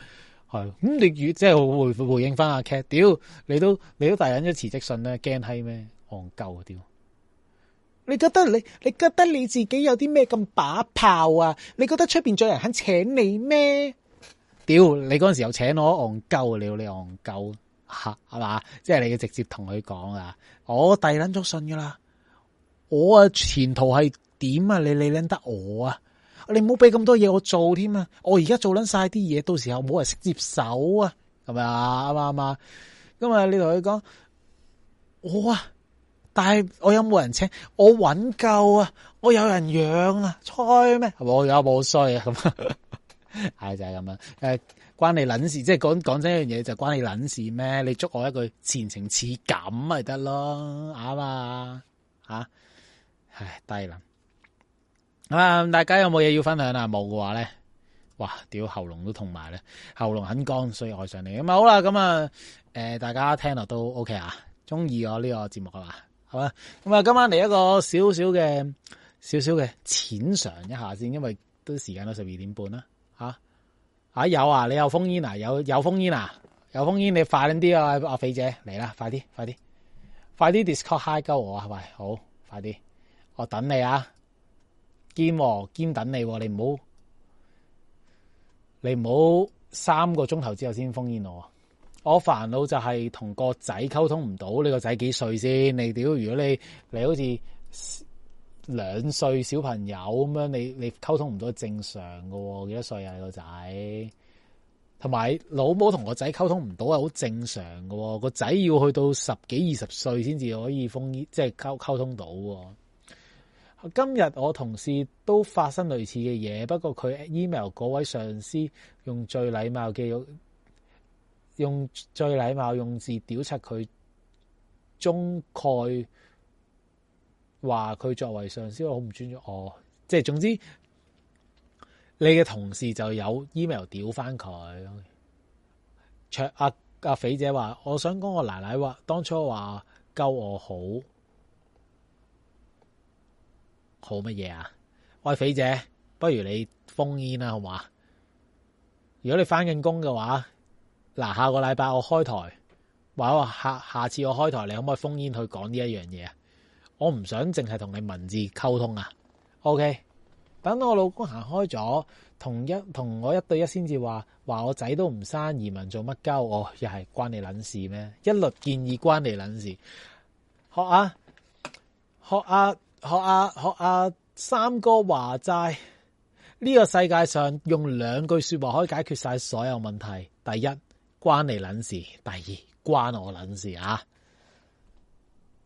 係咁，你如即係回我回應翻阿 Cat，屌你都你都遞緊咗辭職信咧，驚閪咩？戇鳩啊屌！你覺得你你覺得你自己有啲咩咁把炮啊？你覺得出邊仲有人肯請你咩？屌，你嗰陣時又請我戇鳩你，你戇鳩吓係嘛？嗯啊啊啊、即係你要直接同佢講啊！我第捻足信噶啦，我啊前途係點啊？你你捻得我啊？你唔好俾咁多嘢我做添啊！我而家做捻晒啲嘢，到時候冇人識接手啊！係咪啊？啱唔啱？咁啊，你同佢講我啊。但係我有冇人請？我搵夠啊！我有人養啊！衰咩？我有冇衰啊？咁啊，係就係，係、咁樣。誒、呃，關你撚事！即係講，講講真，樣嘢就係、關你撚事咩？你祝我一句前程似錦咪得咯，啱啊！吓，唉，低啦。啊，大家有冇嘢要分享啊？冇嘅話咧，哇，屌喉嚨都痛埋咧，喉嚨很乾，所以愛上你咁啊。好啦，咁啊，誒，大家聽落都 OK 啊，中意我呢個節目係嘛？係嘛？咁啊，今晚嚟一個少少嘅少少嘅淺嘗一下先，因為都時間都十二點半啦。吓，啊，啊有啊，你有封煙啊？有有封煙啊？有封煙，你快啲啊！阿肥姐嚟啦，快啲，快啲，快啲 Discord high 救我係咪？好，快啲，我等你啊！堅喎，堅等你喎，你唔好，你唔好三個鐘頭之後先封煙我我煩惱就係同個仔溝通唔到，你個仔幾歲先？你屌，如果你你好似兩歲小朋友咁樣，你你溝通唔到正常噶，幾多歲，啊？你個仔？同埋老母同個仔溝通唔到係好正常噶，個仔要去到十幾二十歲先至可以封，即係溝溝通到。今日我同事都發生類似嘅嘢，不過佢 email 嗰位上司用最禮貌嘅。用最禮貌用字屌柒佢，中概話佢作為上司好唔尊重我，哦，即係總之你嘅同事就有 email 屌翻佢。卓阿阿肥姐話：我想講我奶奶話當初話救我好好乜嘢啊？喂，肥姐，不如你封煙啦，好嘛？如果你翻緊工嘅話。嗱，下個禮拜我開台，話我下下次我開台，你可唔可以封煙去講呢一樣嘢啊？我唔想淨係同你文字溝通啊。OK，等我老公行開咗，同一同我一對一先至話，話我仔都唔生移民做乜鳩我，又係關你撚事咩？一律建議關你撚事。學啊，學啊，學啊，學啊，三哥話齋，呢個世界上用兩句說話可以解決晒所有問題。第一。關你撚事，第二，關我撚事啊！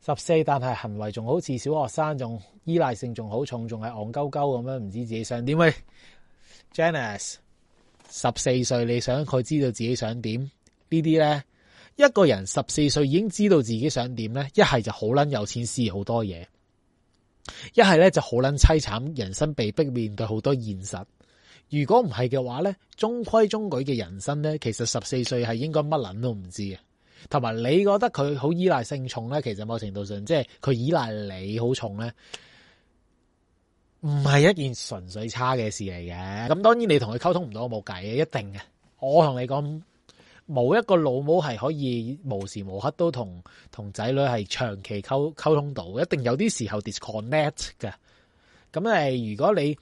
十四，但係行為仲好似小學生，仲依賴性仲好重，仲係戇鳩鳩咁樣，唔知自己想點。喂，Janice 十四歲，你想佢知道自己想點？呢啲咧，一個人十四歲已經知道自己想點咧，一係就好捻有錢試，試好多嘢；一係咧就好捻凄慘，人生被迫面對好多現實。如果唔係嘅話咧，中規中矩嘅人生咧，其實十四歲係應該乜撚都唔知啊，同埋，你覺得佢好依賴性重咧，其實某程度上即係佢依賴你好重咧，唔係一件純粹差嘅事嚟嘅。咁當然你同佢溝通唔到冇計嘅，一定嘅。我同你講，冇一個老母係可以無時無刻都同同仔女係長期溝溝通到，一定有啲時候 disconnect 嘅。咁誒，如果你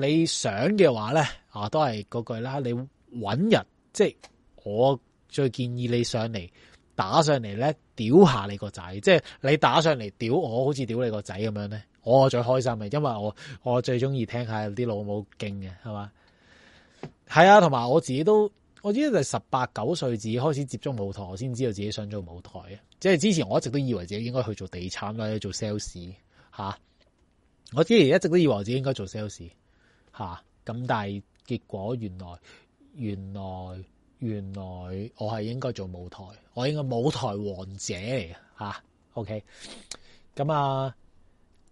你想嘅話咧，啊，都係嗰句啦。你揾人，即係我最建議你上嚟打上嚟咧，屌下你個仔。即係你打上嚟屌我，好似屌你個仔咁樣咧，我最開心嘅，因為我我最中意聽下啲老母勁嘅，係嘛？係啊，同埋我自己都，我知道就十八九歲自己18，歲開始接觸舞台，我先知道自己想做舞台。即係之前我一直都以為自己應該去做地產啦，做 sales 吓、啊。我之前一直都以為自己應該做 sales。吓咁、啊，但係結果原來原來原來我係應該做舞台，我應該舞台王者嚟嘅吓、啊。OK，咁啊，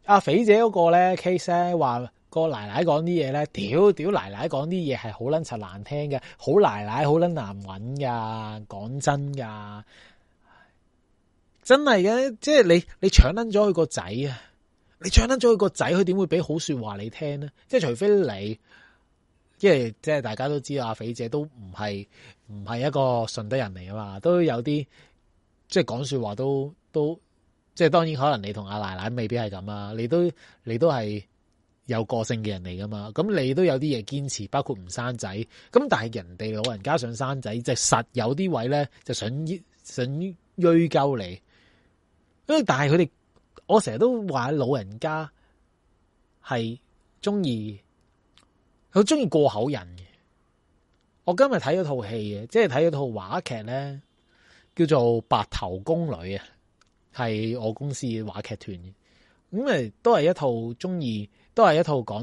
阿、啊、肥姐嗰個咧 case 咧，話個奶奶講啲嘢咧，屌屌奶奶講啲嘢係好捻柒難聽嘅，好奶奶好捻難搵噶，講真噶，真係嘅，即係你你搶捻咗佢個仔啊！你唱得咗佢個仔，佢點會俾好說話你聽咧？即係除非你，即係即係大家都知道阿肥姐都唔係唔係一個順德人嚟啊嘛，都有啲即係講說話都都即係當然可能你同阿奶奶未必係咁啊，你都你都係有個性嘅人嚟噶嘛，咁你都有啲嘢堅持，包括唔生仔。咁但係人哋老人家想生仔，即係實有啲位咧就想想銳鳩你。因為但係佢哋。我成日都話老人家係中意，好中意過口人嘅。我今日睇咗套戲嘅，即係睇咗套話劇咧，叫做《白頭宮女》啊，係我公司嘅話劇團嘅。咁啊，都係一套中意,都係一套講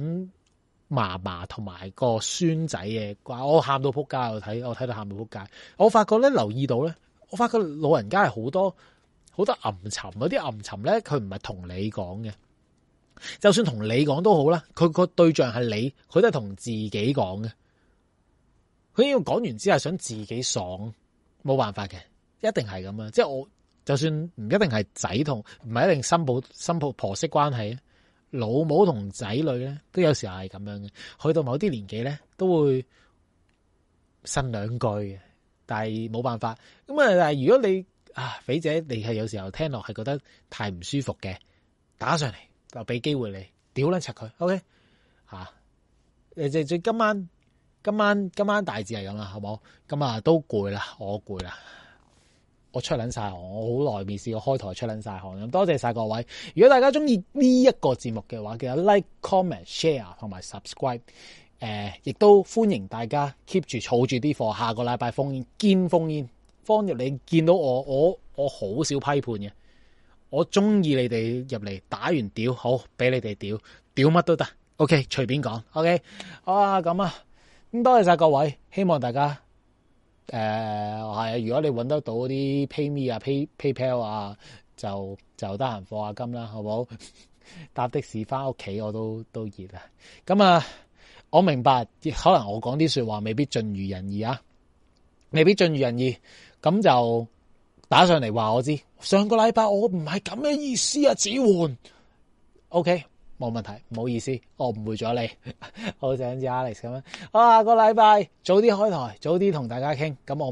嫲嫲同埋個孫仔嘅。我喊到撲街，我睇我睇到喊到撲街。我發覺咧，留意到咧，我發覺老人家係好多。好多吟沉，嗰啲吟沉咧，佢唔係同你講嘅，就算同你講都好啦，佢個對象係你，佢都係同自己講嘅，佢要講完之後想自己爽，冇辦法嘅，一定係咁樣，即係我，就算唔一定係仔同，唔係一定新抱新抱婆媳，媳關係，老母同仔女咧，都有時候係咁樣嘅，去到某啲年紀咧，都會呻兩句嘅，但係冇辦法。咁啊，但係如果你啊！肥姐，你係有時候聽落係覺得太唔舒服嘅，打上嚟就俾機會你，屌捻柒佢，OK？吓、啊，誒，最最今晚，今晚，今晚大致係咁啦，好冇？今晚都攰啦，我攰啦，我出捻晒汗，我好耐未試過開台出捻晒汗咁，多謝晒各位。如果大家中意呢一個節目嘅話，記得 like comment, share,、comment、呃、share 同埋 subscribe。誒，亦都歡迎大家 keep 住儲住啲貨，下個禮拜封煙，堅封煙。方入嚟見到我，我我好少批判嘅，我中意你哋入嚟打完屌，好俾你哋屌屌乜都得，OK 隨便講，OK 好啊咁啊，咁、啊、多謝晒各位，希望大家誒係、呃，如果你揾得到啲 PayMe 啊 PayPayPal 啊，就就得閒課下金啦，好冇搭的士翻屋企我都都熱啊，咁啊我明白，可能我講啲說話未必盡如人意啊，未必盡如人意。咁就打上嚟話我知。上個禮拜我唔係咁嘅意思啊，子桓。OK，冇問題，唔好意思，我誤會咗你。好似好似 Alex 咁樣。我下個禮拜早啲開台，早啲同大家傾。咁我冇。